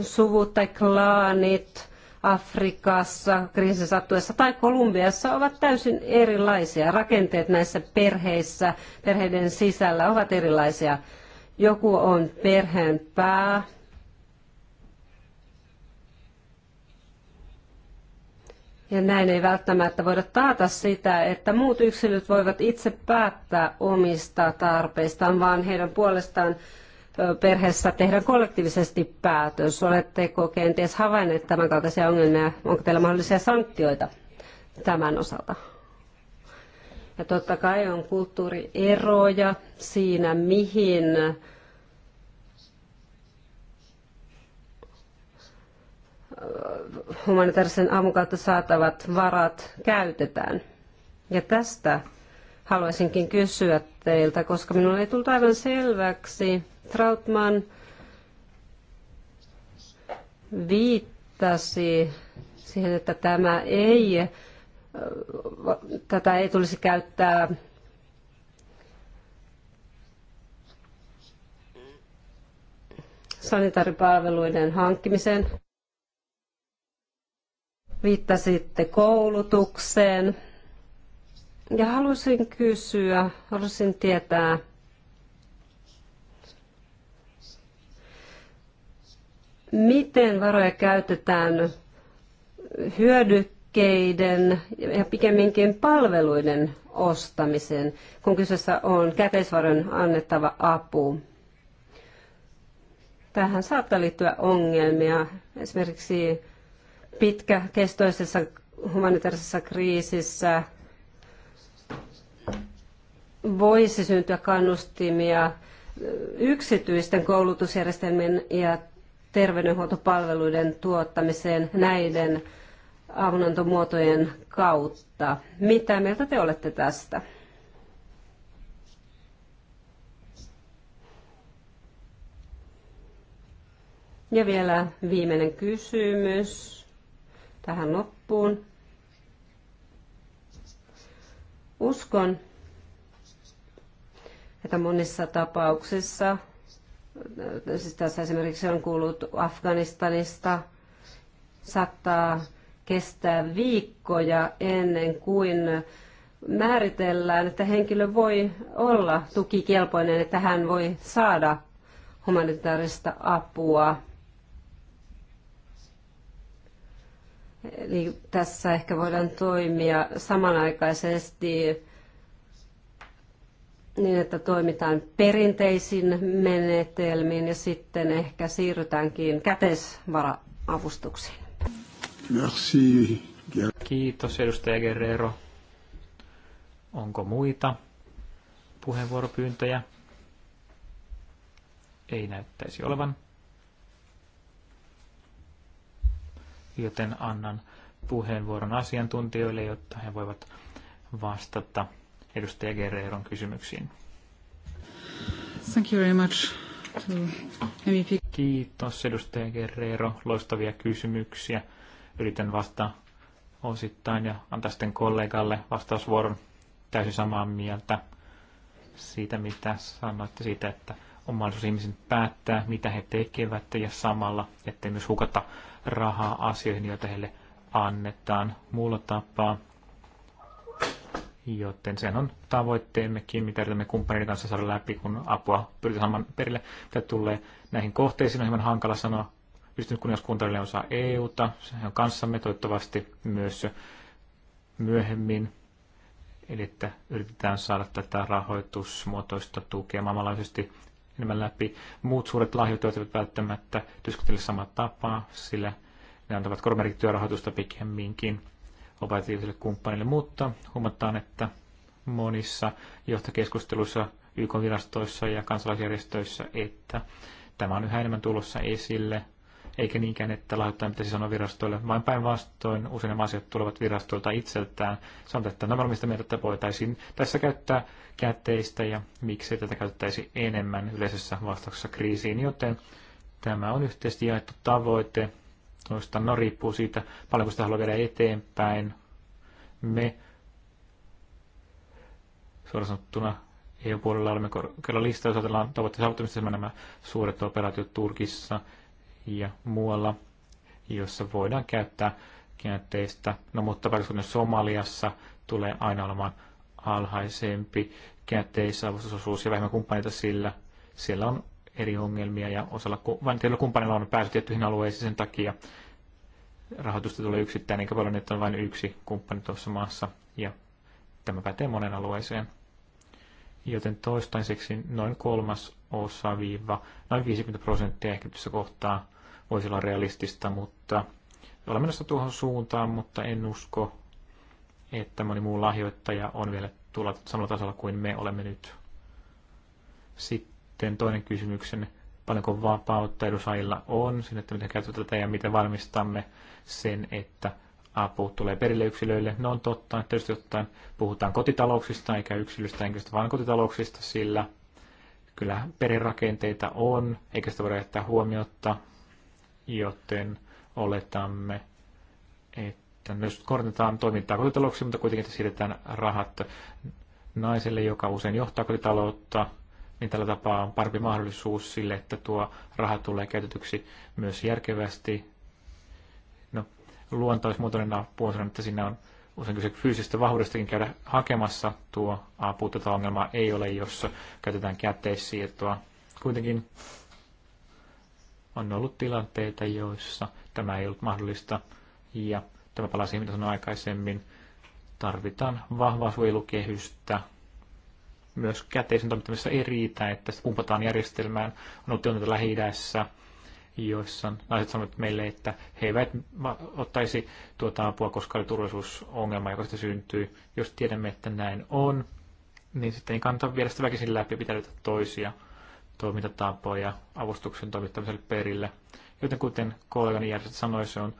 suvut tai klaanit Afrikassa kriisin sattuessa tai Kolumbiassa ovat täysin erilaisia. Rakenteet näissä perheissä, perheiden sisällä ovat erilaisia. Joku on perheen pää, Ja näin ei välttämättä voida taata sitä, että muut yksilöt voivat itse päättää omista tarpeistaan, vaan heidän puolestaan perheessä tehdään kollektiivisesti päätös. Oletteko kenties havainneet tämän kaltaisia ongelmia? Onko teillä mahdollisia sanktioita tämän osalta? Ja totta kai on kulttuurieroja siinä, mihin humanitaarisen avun kautta saatavat varat käytetään. Ja tästä haluaisinkin kysyä teiltä, koska minulle ei tullut aivan selväksi. Trautman viittasi siihen, että tämä ei, tätä ei tulisi käyttää sanitaaripalveluiden hankkimiseen. Viittasitte koulutukseen. Ja halusin kysyä, halusin tietää, miten varoja käytetään hyödykkeiden ja pikemminkin palveluiden ostamiseen, kun kyseessä on käteisvarojen annettava apu. Tähän saattaa liittyä ongelmia, esimerkiksi pitkäkestoisessa humanitaarisessa kriisissä voisi syntyä kannustimia yksityisten koulutusjärjestelmien ja terveydenhuoltopalveluiden tuottamiseen näiden avunantomuotojen kautta. Mitä mieltä te olette tästä? Ja vielä viimeinen kysymys tähän loppuun. Uskon, että monissa tapauksissa, siis tässä esimerkiksi on kuullut Afganistanista, saattaa kestää viikkoja ennen kuin määritellään, että henkilö voi olla tukikelpoinen, että hän voi saada humanitaarista apua. Eli tässä ehkä voidaan toimia samanaikaisesti niin, että toimitaan perinteisin menetelmin ja sitten ehkä siirrytäänkin käteisvara-avustuksiin. Merci. Kiitos edustaja Guerrero. Onko muita puheenvuoropyyntöjä? Ei näyttäisi olevan. joten annan puheenvuoron asiantuntijoille, jotta he voivat vastata edustaja Guerreron kysymyksiin. Thank you very much to MEP. Kiitos edustaja Guerrero, loistavia kysymyksiä. Yritän vastata osittain ja antaa sitten kollegalle vastausvuoron täysin samaa mieltä siitä, mitä sanoitte siitä, että on mahdollisuus ihmisen päättää, mitä he tekevät ja samalla, ettei myös hukata rahaa asioihin, joita heille annetaan muulla tapaa. Joten sen on tavoitteemmekin, mitä yritämme kumppaneiden kanssa saada läpi, kun apua pyritään saamaan perille. Mitä tulee näihin kohteisiin, on hieman hankala sanoa. Yhdistynyt kuningaskunta on osa EUta, se on kanssamme toivottavasti myös myöhemmin. Eli että yritetään saada tätä rahoitusmuotoista tukea maailmanlaajuisesti enemmän läpi. Muut suuret lahjoittajat eivät välttämättä työskentele samaa tapaa, sillä ne antavat korvamerkittyä rahoitusta pikemminkin operatiiviselle kumppanille, mutta huomataan, että monissa johtokeskusteluissa YK-virastoissa ja kansalaisjärjestöissä, että tämä on yhä enemmän tulossa esille – eikä niinkään, että lahjoittajan pitäisi sanoa virastoille, vaan päinvastoin usein asiat tulevat virastoilta itseltään. Sanotaan, että nämä no, mistä mieltä, että voitaisiin tässä käyttää käteistä ja miksi tätä käyttäisi enemmän yleisessä vastauksessa kriisiin, joten tämä on yhteisesti jaettu tavoite. Toista, no riippuu siitä, paljonko sitä haluaa viedä eteenpäin. Me suoraan sanottuna EU-puolella olemme kyllä listalla, jos ajatellaan tavoitteen saavuttamista, siis nämä suuret operaatiot Turkissa, ja muualla, jossa voidaan käyttää käänteistä. No mutta varsinkin Somaliassa tulee aina olemaan alhaisempi käänteisavustusosuus ja vähemmän kumppaneita sillä. Siellä on eri ongelmia ja osalla vain kumppanilla on päässyt tiettyihin alueisiin sen takia rahoitusta tulee yksittäin, eikä paljon, niin, että on vain yksi kumppani tuossa maassa ja tämä pätee monen alueeseen. Joten toistaiseksi noin kolmas osa viiva, noin 50 prosenttia ehkä tässä kohtaa voisi olla realistista, mutta olen menossa tuohon suuntaan, mutta en usko, että moni muu lahjoittaja on vielä tulla samalla tasolla kuin me olemme nyt. Sitten toinen kysymyksen, paljonko vapautta edusajilla on, sinne, että miten käytetään tätä ja miten varmistamme sen, että apu tulee perille yksilöille. No on totta, että tietysti ottaen puhutaan kotitalouksista eikä yksilöistä henkilöstä, vaan kotitalouksista, sillä kyllä perirakenteita on, eikä sitä voida jättää huomiota joten oletamme, että myös kohdennetaan toimintaa kotitalouksia, mutta kuitenkin että siirretään rahat naiselle, joka usein johtaa kotitaloutta, niin tällä tapaa on parempi mahdollisuus sille, että tuo raha tulee käytetyksi myös järkevästi. No, luontaismuotoinen apu on sanonut, että siinä on usein kyse fyysisestä vahvuudestakin käydä hakemassa tuo apu. Tätä ongelmaa ei ole, jos käytetään käteissiirtoa. Kuitenkin on ollut tilanteita, joissa tämä ei ollut mahdollista. Ja tämä palasi siihen, mitä sanoin aikaisemmin. Tarvitaan vahvaa suojelukehystä. Myös käteisen toimittamisessa ei riitä, että sitä pumpataan järjestelmään. On ollut tilanteita lähi joissa naiset sanoivat meille, että he eivät ottaisi tuota apua, koska oli turvallisuusongelma, joka sitä syntyy. Jos tiedämme, että näin on, niin sitten ei kannata viedä sitä väkisin läpi ja pitää toisia – toimintatapoja avustuksen toimittamiselle perille. Joten kuten kollegani Järjestöt sanoi, se on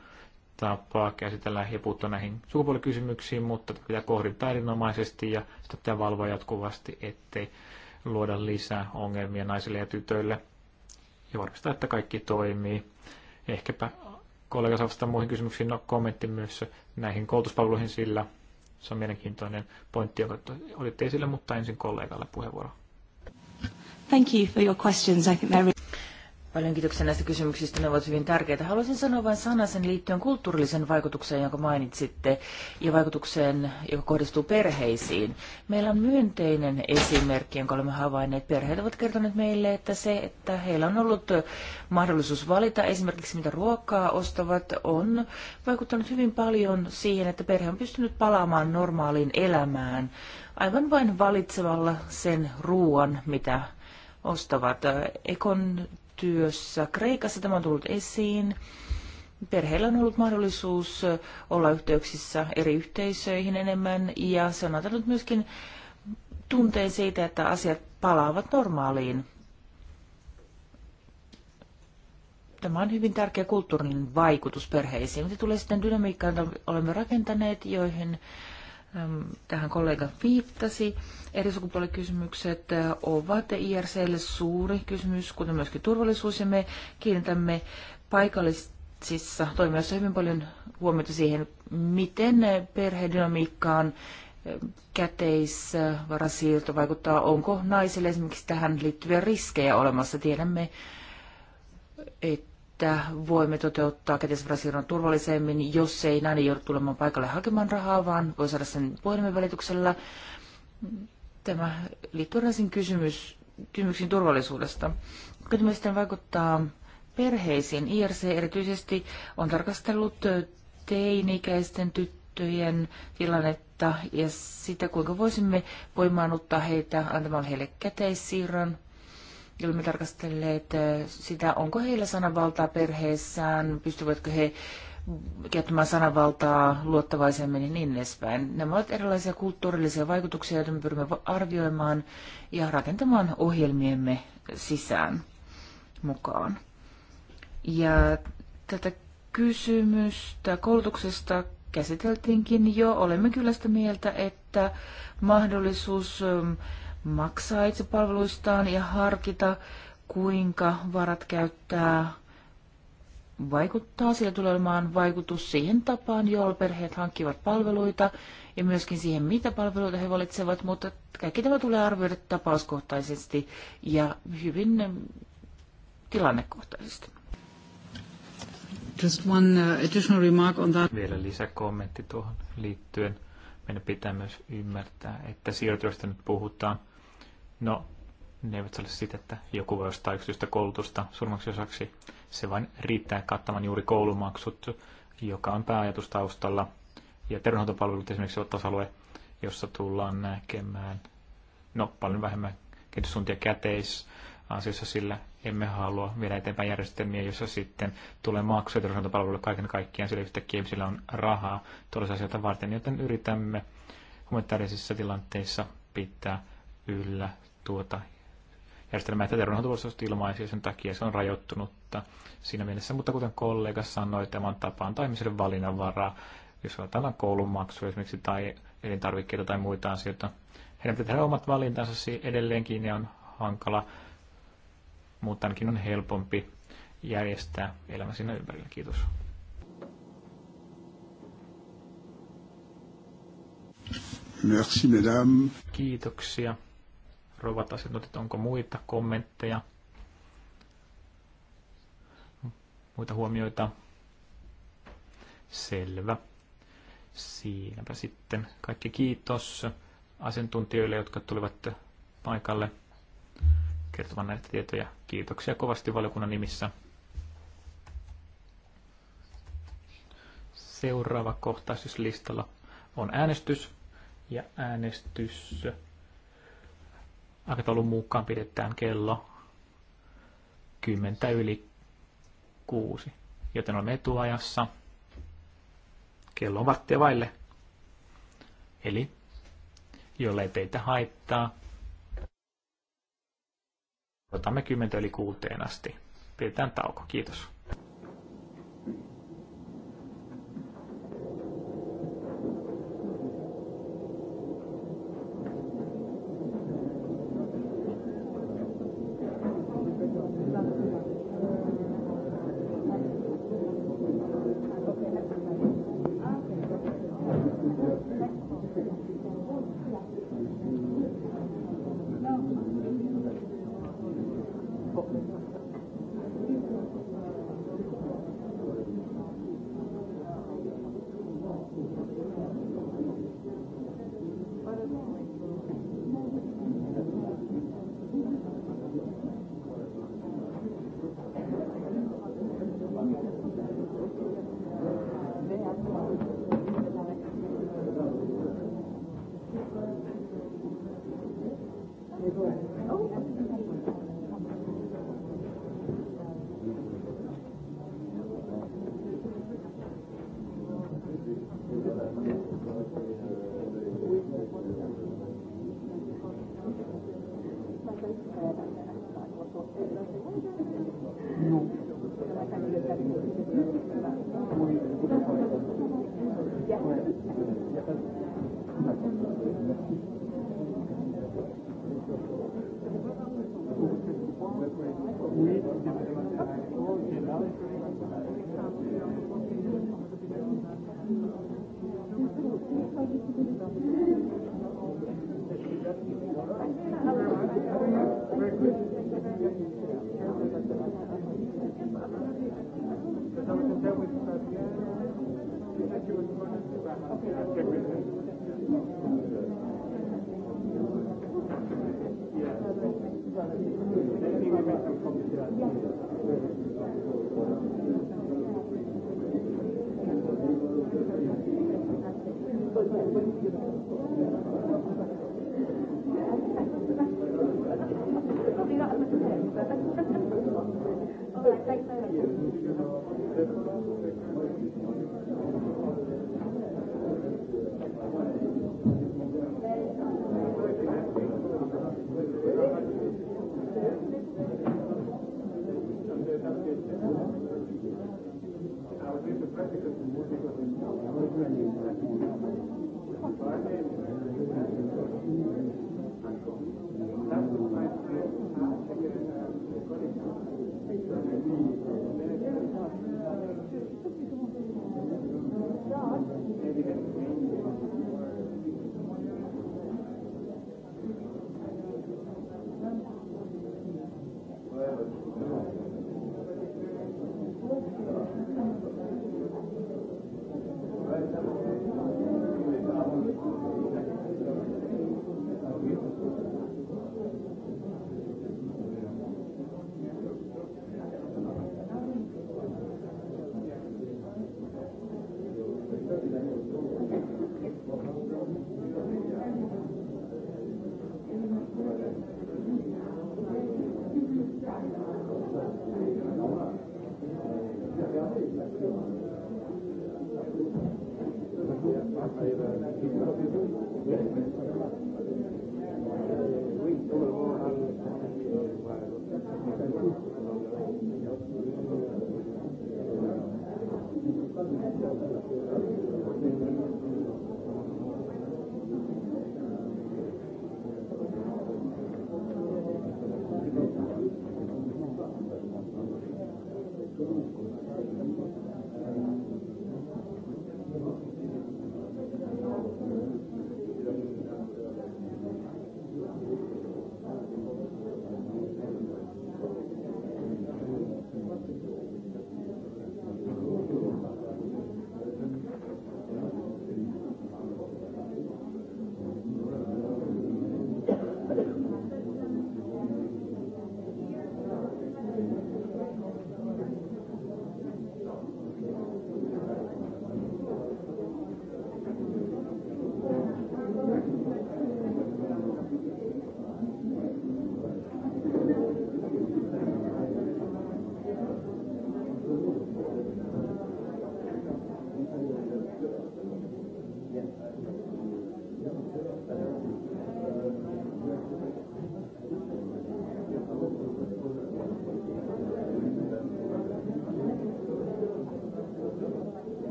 tapa käsitellä ja puuttua näihin sukupuolikysymyksiin, mutta pitää kohdittaa erinomaisesti ja sitä pitää valvoa jatkuvasti, ettei luoda lisää ongelmia naisille ja tytöille ja varmistaa, että kaikki toimii. Ehkäpä kollega saa vastata muihin kysymyksiin, no kommentti myös näihin koulutuspalveluihin, sillä se on mielenkiintoinen pointti, joka olitte esille, mutta ensin kollegalle puheenvuoro. Thank you for your questions. I think they're... Paljon kiitoksia näistä kysymyksistä, ne ovat hyvin tärkeitä. Haluaisin sanoa vain sanasen liittyen kulttuurillisen vaikutukseen, jonka mainitsitte, ja vaikutukseen, joka kohdistuu perheisiin. Meillä on myönteinen esimerkki, jonka olemme havainneet. Perheet ovat kertoneet meille, että se, että heillä on ollut mahdollisuus valita esimerkiksi mitä ruokaa ostavat, on vaikuttanut hyvin paljon siihen, että perhe on pystynyt palaamaan normaaliin elämään aivan vain valitsevalla sen ruoan, mitä ostavat. Ekon työssä Kreikassa tämä on tullut esiin. Perheillä on ollut mahdollisuus olla yhteyksissä eri yhteisöihin enemmän ja se on antanut myöskin tunteen siitä, että asiat palaavat normaaliin. Tämä on hyvin tärkeä kulttuurinen vaikutus perheisiin. Mitä tulee sitten dynamiikkaan, jota olemme rakentaneet, joihin tähän kollega viittasi. Eri sukupuolikysymykset äh, ovat IRClle suuri kysymys, kuten myöskin turvallisuus, ja me kiinnitämme paikallisissa toimijoissa hyvin paljon huomiota siihen, miten perhedynamiikkaan äh, käteisvarasiirto vaikuttaa, onko naisille esimerkiksi tähän liittyviä riskejä olemassa. Tiedämme, että että voimme toteuttaa käteisvarasiirron turvallisemmin, jos ei nainen joudu tulemaan paikalle hakemaan rahaa, vaan voi saada sen puhelimen välityksellä. Tämä liittyy näisiin kysymys, kysymyksiin turvallisuudesta. Kuinka vaikuttaa perheisiin? IRC erityisesti on tarkastellut teini-ikäisten tyttöjen tilannetta ja sitä, kuinka voisimme voimaannuttaa heitä antamalla heille käteissiirron olemme tarkastelleet sitä, onko heillä sananvaltaa perheessään, pystyvätkö he käyttämään sananvaltaa luottavaisemmin ja niin edespäin. Nämä ovat erilaisia kulttuurillisia vaikutuksia, joita me pyrimme arvioimaan ja rakentamaan ohjelmiemme sisään mukaan. Ja tätä kysymystä koulutuksesta käsiteltiinkin jo. Olemme kyllä sitä mieltä, että mahdollisuus maksaa itse palveluistaan ja harkita, kuinka varat käyttää vaikuttaa. Sillä tulee olemaan vaikutus siihen tapaan, jolla perheet hankkivat palveluita ja myöskin siihen, mitä palveluita he valitsevat, mutta kaikki tämä tulee arvioida tapauskohtaisesti ja hyvin tilannekohtaisesti. Just one uh, additional remark on that. Vielä lisäkommentti tuohon liittyen. Meidän pitää myös ymmärtää, että sijoitusta nyt puhutaan No, ne eivät ole sitä, että joku voi ostaa yksityistä koulutusta surmaksi osaksi. Se vain riittää kattamaan juuri koulumaksut, joka on pääajatus taustalla. Ja terveydenhoitopalvelut esimerkiksi ovat osa-alue, jossa tullaan näkemään no, paljon vähemmän kehityssuuntia käteis asiassa, sillä emme halua viedä eteenpäin järjestelmiä, jossa sitten tulee maksuja terveydenhoitopalveluille kaiken kaikkiaan, sillä yhtäkkiä sillä on rahaa tuollaisia asioita varten, joten yritämme humanitaarisissa tilanteissa pitää yllä tuota järjestelmää, että terveydenhuolto ilmaisia sen takia se on rajoittunutta siinä mielessä. Mutta kuten kollega sanoi, tämän tapaan tai ihmisille valinnanvaraa, jos otetaan koulumaksu esimerkiksi tai elintarvikkeita tai muita asioita. Heidän pitää tehdä omat valintansa edelleenkin ja on hankala, mutta ainakin on helpompi järjestää elämä siinä ympärillä. Kiitos. Merci, madame. Kiitoksia rovat että onko muita kommentteja, muita huomioita. Selvä. Siinäpä sitten kaikki kiitos asiantuntijoille, jotka tulivat paikalle kertomaan näitä tietoja. Kiitoksia kovasti valiokunnan nimissä. Seuraava kohtaisuuslistalla on äänestys ja äänestys aikataulun mukaan pidetään kello 10 yli 6, joten olemme etuajassa. Kello on varttia vaille. Eli, jollei teitä haittaa, otamme 10 yli kuuteen asti. Pidetään tauko. Kiitos.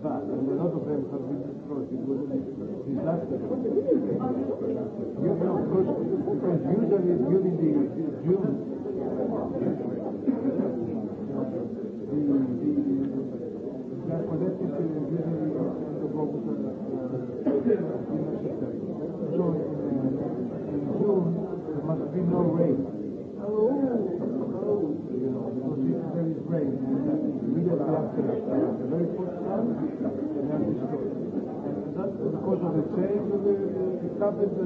fare, no dovremmo farvi distruggere due di disastro. You know, because, because usually during the June, the, the, they are connected to usually the focus on uh, usually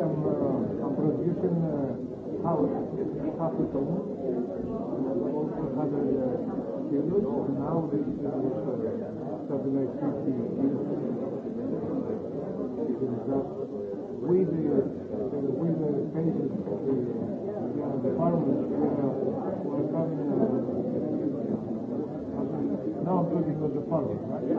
I'm, uh, I'm producing uh, house, capital, and also have a uh, unit, and now this is uh, something like 50 units. It is just with follows, right? Yeah,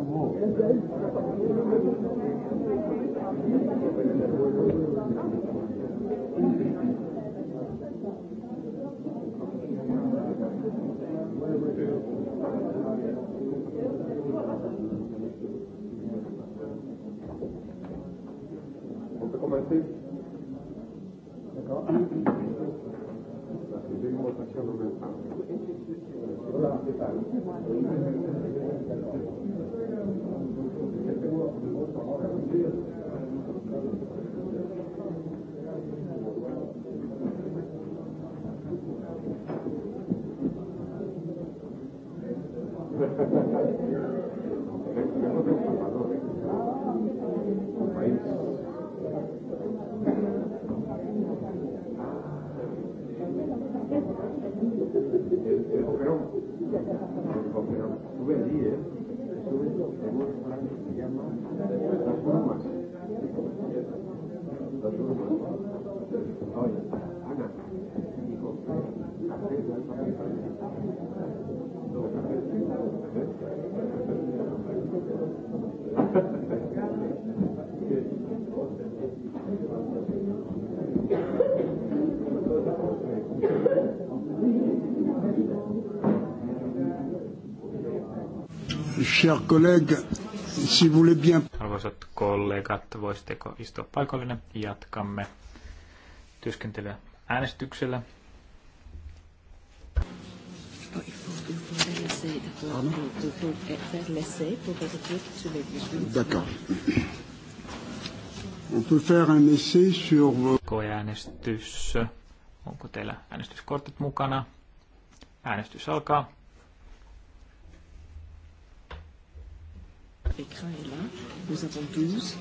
of course. Chers collègues, si vous voulez bien... Arvoisat kollegat, voisitteko istua paikallinen? Jatkamme työskentelyä äänestyksellä. Oh, il, faut, il faudrait laisser, Pardon pour, faire l'essai pour vérifier que D'accord. On peut faire un essai sur... vos... Onko teillä äänestyskortit mukana? Äänestys alkaa. L'écran est là. Nous avons 12.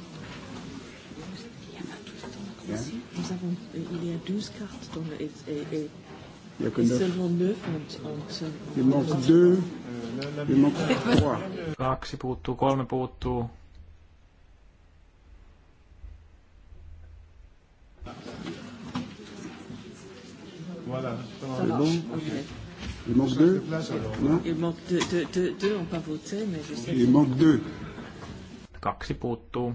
Il y en a 12 dans la Nous avons, euh, il y a 12 cartes dans le, et, et, et Il y a que neuf. Seulement neuf Il manque deux. Il manque trois. Kaksi puuttuu, kolme puuttuu. Voilà. Ça Bon. Okay. Il manque deux non? Il manque deux, deux, deux, deux on pas voté, mais je sais. Il manque deux. Kaksi puuttuu.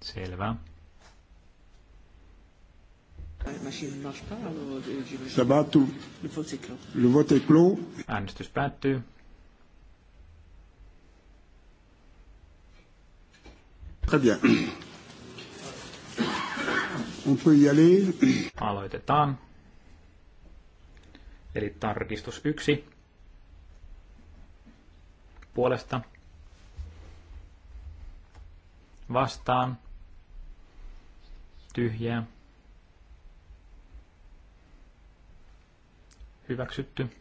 Selvä. Eh, Sabatu. Le vote est clos. Äänestys päättyy. Très bien. On peut y aller. Aloitetaan. Eli tarkistus yksi puolesta vastaan tyhjää Hyväksytty.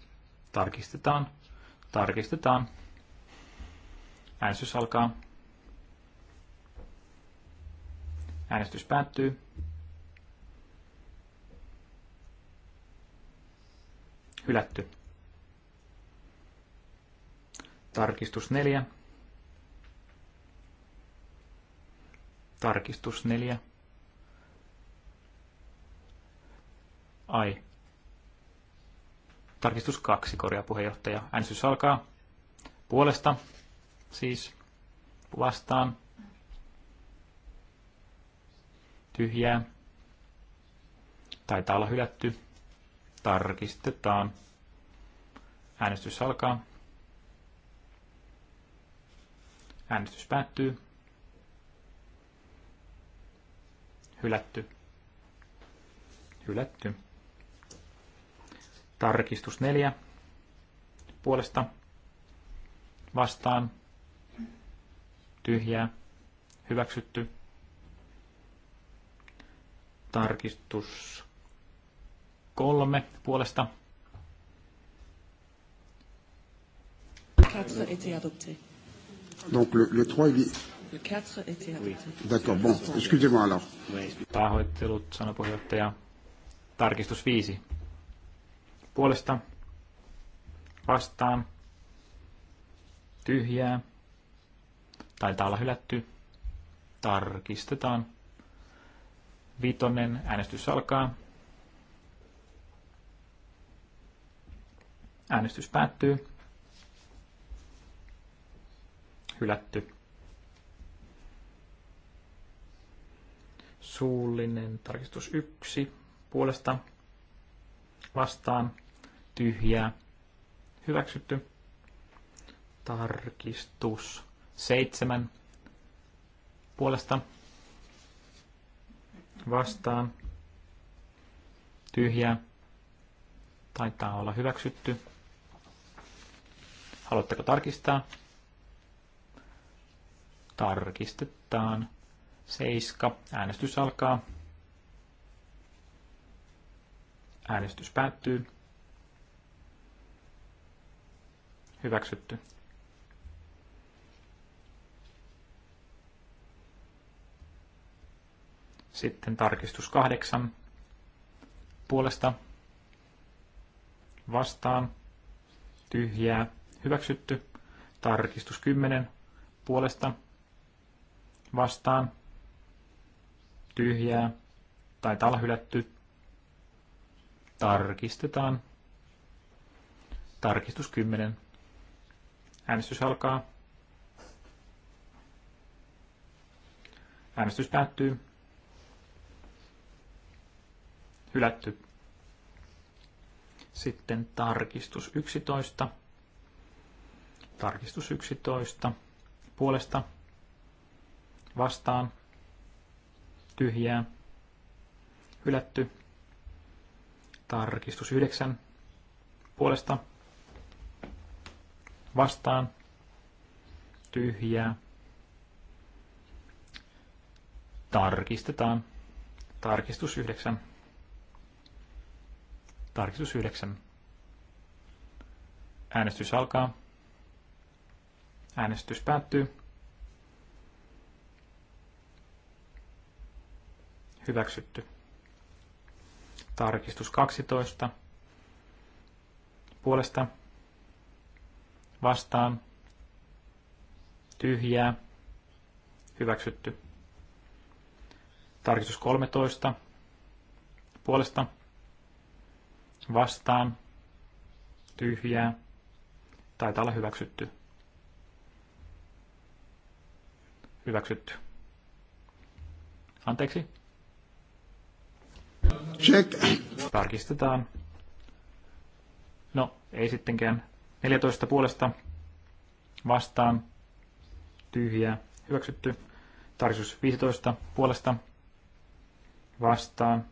Tarkistetaan. Tarkistetaan. Äänestys alkaa. Äänestys päättyy. Hylätty. Tarkistus 4. Tarkistus 4. Ai, Tarkistus kaksi, korjaa puheenjohtaja. Äänestys alkaa. Puolesta, siis vastaan. Tyhjää. Taitaa olla hylätty. Tarkistetaan. Äänestys alkaa. Äänestys päättyy. Hylätty. Hylätty. Tarkistus 4 puolesta vastaan tyhjää hyväksytty. Tarkistus 3 puolesta Donc le, 3, est... D'accord, bon, excusez-moi alors. Pahoittelut, sanoi puheenjohtaja. Tarkistus 5 puolesta vastaan tyhjää. Taitaa olla hylätty. Tarkistetaan. Vitonen. Äänestys alkaa. Äänestys päättyy. Hylätty. Suullinen tarkistus 1 puolesta vastaan tyhjää, hyväksytty. Tarkistus seitsemän puolesta vastaan, tyhjää, taitaa olla hyväksytty. Haluatteko tarkistaa? Tarkistetaan. Seiska. Äänestys alkaa. Äänestys päättyy. Hyväksytty. Sitten tarkistus kahdeksan puolesta vastaan tyhjää hyväksytty. Tarkistus kymmenen puolesta vastaan tyhjää tai olla hylätty. Tarkistetaan. Tarkistus 10. Äänestys alkaa. Äänestys päättyy. Hylätty. Sitten tarkistus 11. Tarkistus 11. Puolesta. Vastaan. Tyhjää. Hylätty. Tarkistus 9. Puolesta vastaan, tyhjää, tarkistetaan, tarkistus 9, tarkistus 9, äänestys alkaa, äänestys päättyy, hyväksytty, tarkistus 12, puolesta, vastaan, tyhjää, hyväksytty. Tarkistus 13, puolesta, vastaan, tyhjää, taitaa olla hyväksytty. Hyväksytty. Anteeksi. Check. Tarkistetaan. No, ei sittenkään 14 puolesta vastaan tyhjää hyväksytty. Tarkistus 15 puolesta vastaan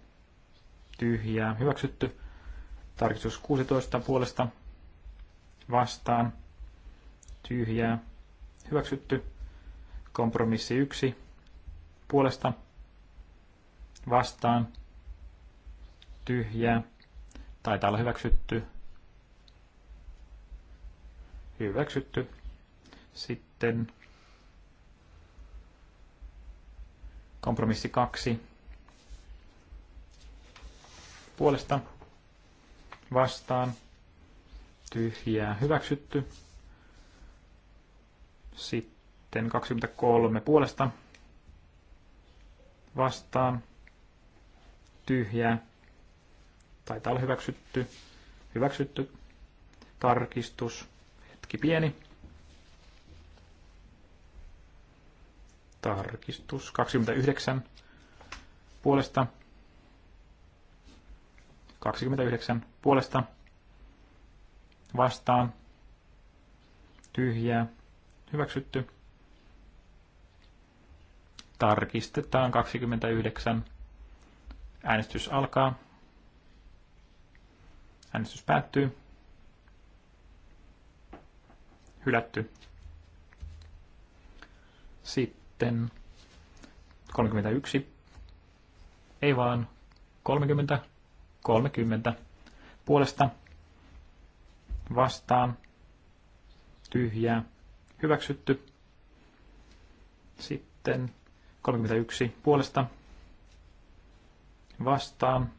tyhjää hyväksytty. Tarkistus 16 puolesta vastaan tyhjää hyväksytty. Kompromissi 1 puolesta vastaan tyhjää. Taitaa olla hyväksytty Hyväksytty. Sitten kompromissi kaksi. Puolesta vastaan tyhjää hyväksytty. Sitten 23 puolesta vastaan tyhjää. Taitaa olla hyväksytty. Hyväksytty. Tarkistus blokki pieni. Tarkistus 29 puolesta. 29 puolesta. Vastaan. Tyhjää. Hyväksytty. Tarkistetaan 29. Äänestys alkaa. Äänestys päättyy hylätty. Sitten 31. Ei vaan 30. 30. Puolesta vastaan tyhjää hyväksytty. Sitten 31 puolesta vastaan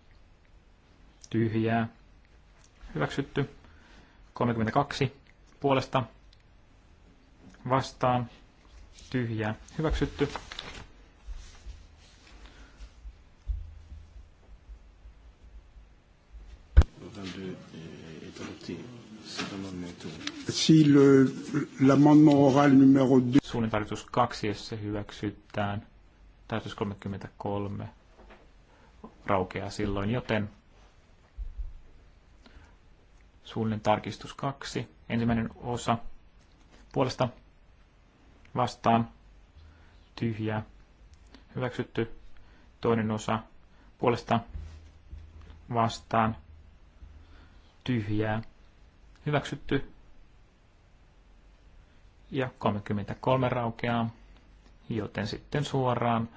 tyhjää hyväksytty. 32 puolesta vastaan tyhjää hyväksytty. Si l'amendement oral numéro 2... Suunnin tarjotus 2, jos se hyväksytään. Tarjoitus 33 raukeaa silloin, joten suullinen tarkistus 2, ensimmäinen osa puolesta vastaan, tyhjää, hyväksytty, toinen osa puolesta, vastaan, tyhjää, hyväksytty, ja 33 raukeaa, joten sitten suoraan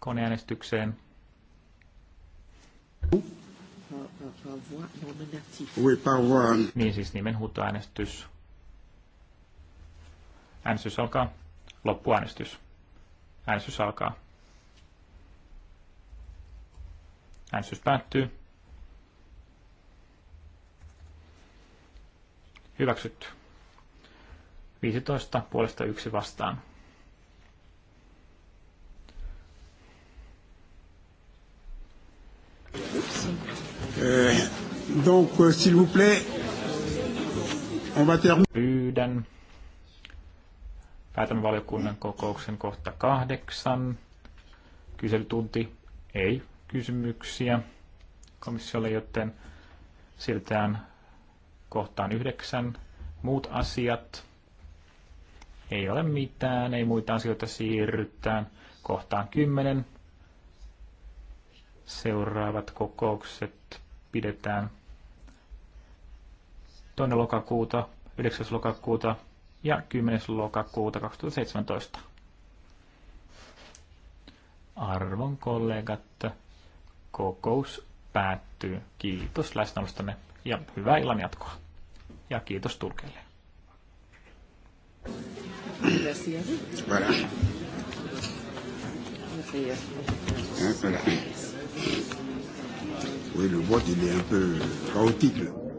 koneäänestykseen. Niin siis nimen huutoäänestys. Äänestys alkaa. Loppuäänestys. Äänestys alkaa. Äänestys päättyy. Hyväksytty. 15 puolesta yksi vastaan. Euh, donc, euh, s'il vous plaît, on va terminer. Päätän valiokunnan kokouksen kohta kahdeksan. Kyselytunti ei kysymyksiä komissiolle, joten siirrytään kohtaan yhdeksän. Muut asiat. Ei ole mitään, ei muita asioita siirrytään. Kohtaan kymmenen. Seuraavat kokoukset pidetään 2. lokakuuta, 9. lokakuuta ja 10. lokakuuta 2017. Arvon kollegat, kokous päättyy. Kiitos läsnäolostanne ja hyvää illan jatkoa. Ja kiitos Turkille. Oui, le vote, il est un peu chaotique.